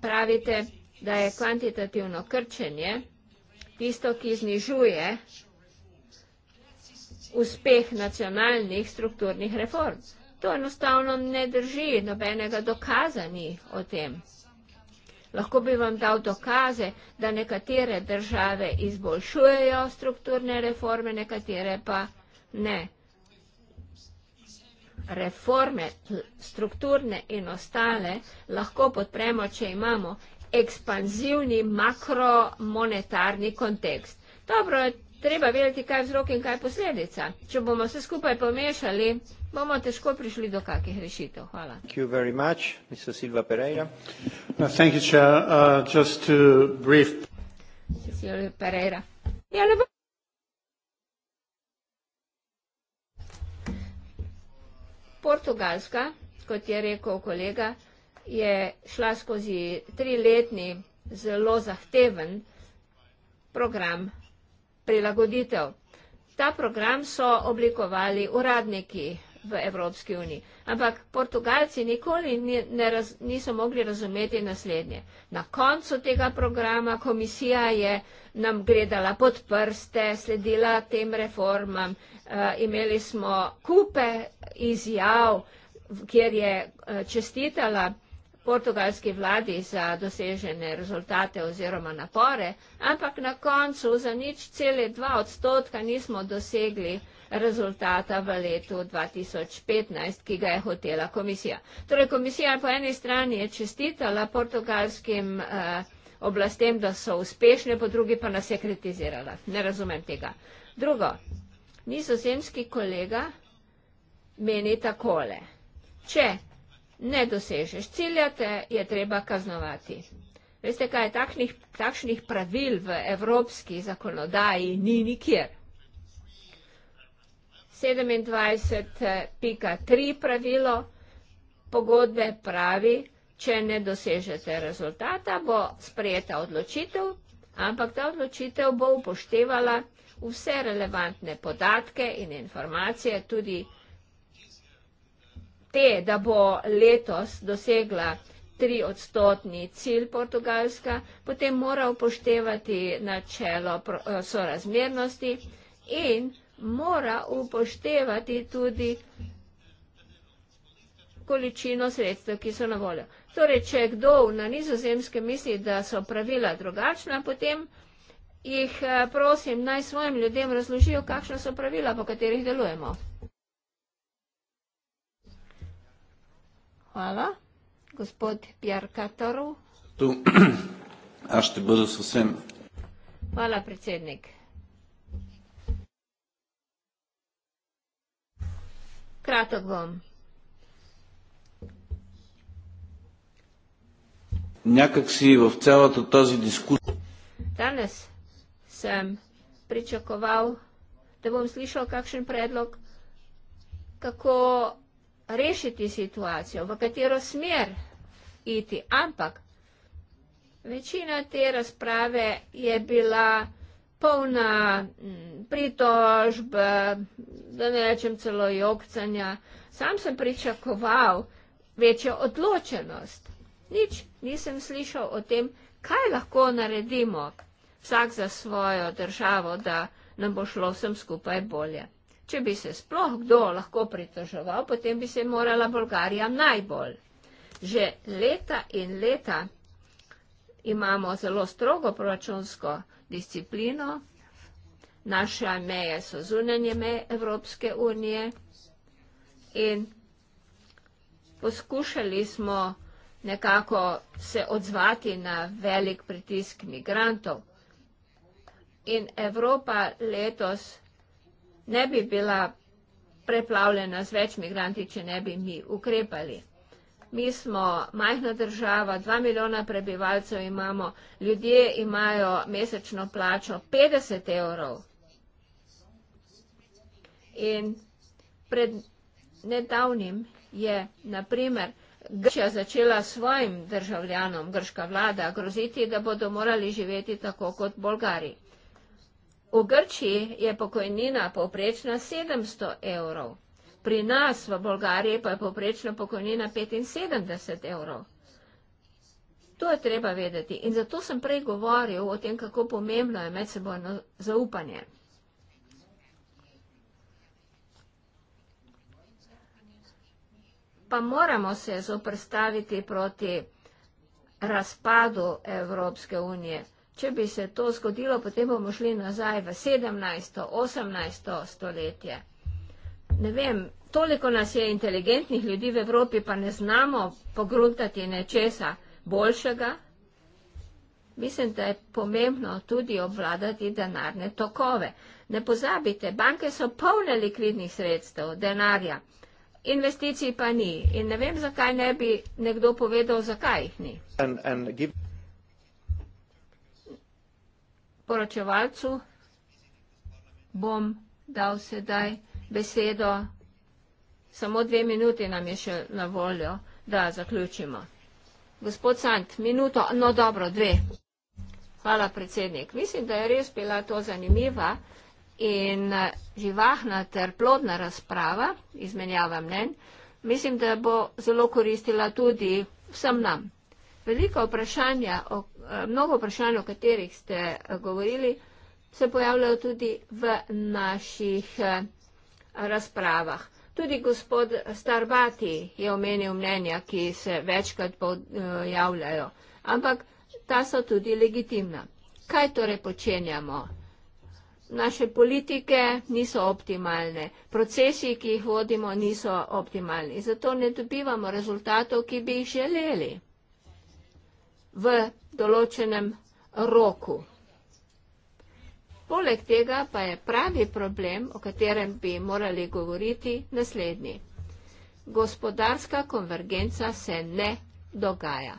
Speaker 2: pravite, da je kvantitativno krčenje tisto, ki znižuje uspeh nacionalnih strukturnih reform. To enostavno ne drži, nobenega dokaza ni o tem. Lahko bi vam dal dokaze, da nekatere države izboljšujejo strukturne reforme, nekatere pa ne reforme, strukturne in ostale, lahko podpremo, če imamo ekspanzivni makromonetarni kontekst. Dobro, treba vedeti, kaj je vzrok in kaj je posledica. Če bomo vse skupaj pomešali, bomo težko prišli do kakih rešitev. Hvala. Hvala. Uh, uh, ja, ne bom Portugalska, kot je rekel kolega, je šla skozi triletni zelo zahteven program prilagoditev. Ta program so oblikovali uradniki v Evropski uniji. Ampak Portugalci nikoli ni, ne raz, niso mogli razumeti naslednje. Na koncu tega programa komisija je nam gledala pod prste, sledila tem reformam, uh, imeli smo kupe izjav, kjer je eh, čestitala portugalski vladi za dosežene rezultate oziroma napore, ampak na koncu za nič cele dva odstotka nismo dosegli rezultata v letu 2015, ki ga je hotela komisija. Torej komisija po eni strani je čestitala portugalskim eh, oblastem, da so uspešne, po drugi pa nas je kritizirala. Ne razumem tega. Drugo, nizozemski kolega meni takole. Če ne dosežeš cilja, te je treba kaznovati. Veste, kaj je takšnih, takšnih pravil v evropski zakonodaji ni nikjer. 27.3 pravilo pogodbe pravi, če ne dosežete rezultata, bo sprejeta odločitev, ampak ta odločitev bo upoštevala vse relevantne podatke in informacije, tudi informacije te, da bo letos dosegla tri odstotni cilj Portugalska, potem mora upoštevati načelo eh, sorazmernosti in mora upoštevati tudi količino sredstev, ki so na voljo. Torej, če kdo na nizozemskem misli, da so pravila drugačna, potem jih eh, prosim naj svojim ljudem razložijo, kakšna so pravila, po katerih delujemo. Hvala. Gospod Pjarkatorov.
Speaker 1: Tu,
Speaker 3: až te bodo s vsem.
Speaker 2: Hvala, predsednik. Kratok bom. Nekak si v celoto tazi diskusi... Danes sem pričakoval, da bom slišal kakšen predlog, kako rešiti situacijo, v katero smer iti. Ampak večina te razprave je bila polna mm, pritožb, da ne rečem celo jokcanja. Sam sem pričakoval večjo odločenost. Nič nisem slišal o tem, kaj lahko naredimo vsak za svojo državo, da nam bo šlo vsem skupaj bolje. Če bi se sploh kdo lahko pritoževal, potem bi se morala Bolgarija najbolj. Že leta in leta imamo zelo strogo proračunsko disciplino, naše meje so zunanje meje Evropske unije in poskušali smo nekako se odzvati na velik pritisk migrantov. In Evropa letos ne bi bila preplavljena z več migranti, če ne bi mi ukrepali. Mi smo majhna država, dva milijona prebivalcev imamo, ljudje imajo mesečno plačo 50 evrov. In pred nedavnim je naprimer Grčija začela svojim državljanom, grška vlada, groziti, da bodo morali živeti tako kot Bolgari. V Grčiji je pokojnina povprečna 700 evrov, pri nas v Bolgariji pa je povprečna pokojnina 75 evrov. To je treba vedeti in zato sem prej govoril o tem, kako pomembno je medsebojno zaupanje. Pa moramo se zoprstaviti proti razpadu Evropske unije. Če bi se to zgodilo, potem bomo šli nazaj v 17., 18. stoletje. Ne vem, toliko nas je inteligentnih ljudi v Evropi, pa ne znamo pogruntati nečesa boljšega. Mislim, da je pomembno tudi obvladati denarne tokove. Ne pozabite, banke so polne likvidnih sredstev, denarja, investicij pa ni. In ne vem, zakaj ne bi nekdo povedal, zakaj jih ni.
Speaker 3: And, and give
Speaker 2: poročevalcu bom dal sedaj besedo, samo dve minuti nam je še na voljo, da zaključimo. Gospod Sant, minuto, no dobro, dve. Hvala, predsednik. Mislim, da je res bila to zanimiva in eh, živahna ter plodna razprava, izmenjava mnen, mislim, da bo zelo koristila tudi vsem nam. Veliko vprašanja, o mnogo vprašanj, o katerih ste eh, govorili, se pojavljajo tudi v naših eh, razpravah. Tudi gospod Starbati je omenil mnenja, ki se večkrat pojavljajo, ampak ta so tudi legitimna. Kaj torej počenjamo? Naše politike niso optimalne, procesi, ki jih vodimo, niso optimalni. Zato ne dobivamo rezultatov, ki bi jih želeli v določenem roku. Poleg tega pa je pravi problem, o katerem bi morali govoriti, naslednji. Gospodarska konvergenca se ne dogaja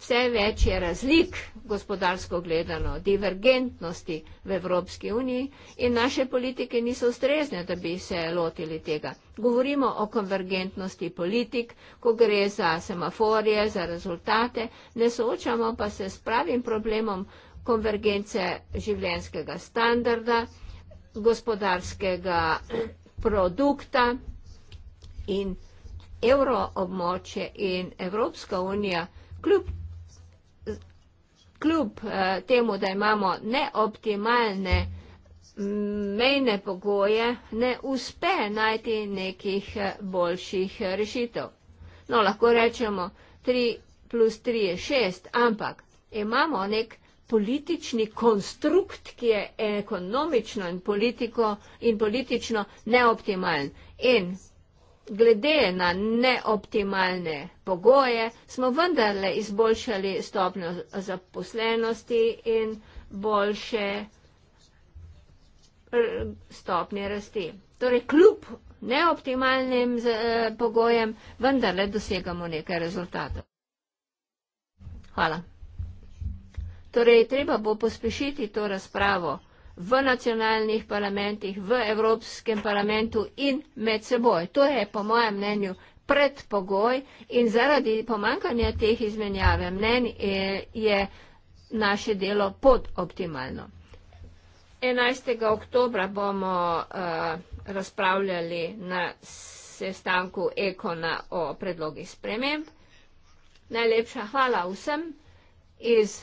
Speaker 2: vse več je razlik gospodarsko gledano, divergentnosti v Evropski uniji in naše politike niso ustrezne, da bi se lotili tega. Govorimo o konvergentnosti politik, ko gre za semaforije, za rezultate, ne soočamo pa se s pravim problemom konvergence življenjskega standarda, gospodarskega produkta in evroobmoče in Evropska unija kljub kljub uh, temu, da imamo neoptimalne mejne pogoje, ne uspe najti nekih eh, boljših eh, rešitev. No, lahko rečemo, 3 plus 3 je 6, ampak imamo nek politični konstrukt, ki je ekonomično in, politiko, in politično neoptimalen. In Glede na neoptimalne pogoje smo vendarle izboljšali stopnjo zaposlenosti in boljše stopnje rasti. Torej, kljub neoptimalnim eh, pogojem vendarle dosegamo nekaj rezultatov. Hvala. Torej, treba bo pospešiti to razpravo v nacionalnih parlamentih, v Evropskem parlamentu in med seboj. To je po mojem mnenju predpogoj in zaradi pomankanja teh izmenjave mnen je naše delo podoptimalno. 11. oktobra bomo uh, razpravljali na sestanku Ekona o predlogih sprememb. Najlepša hvala vsem iz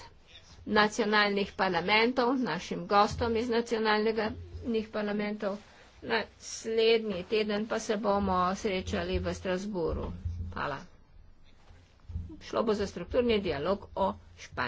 Speaker 2: nacionalnih parlamentov, našim gostom iz nacionalnih parlamentov. Naslednji teden pa se bomo srečali v Strasburu. Hvala. Šlo bo za strukturni dialog o Španiji.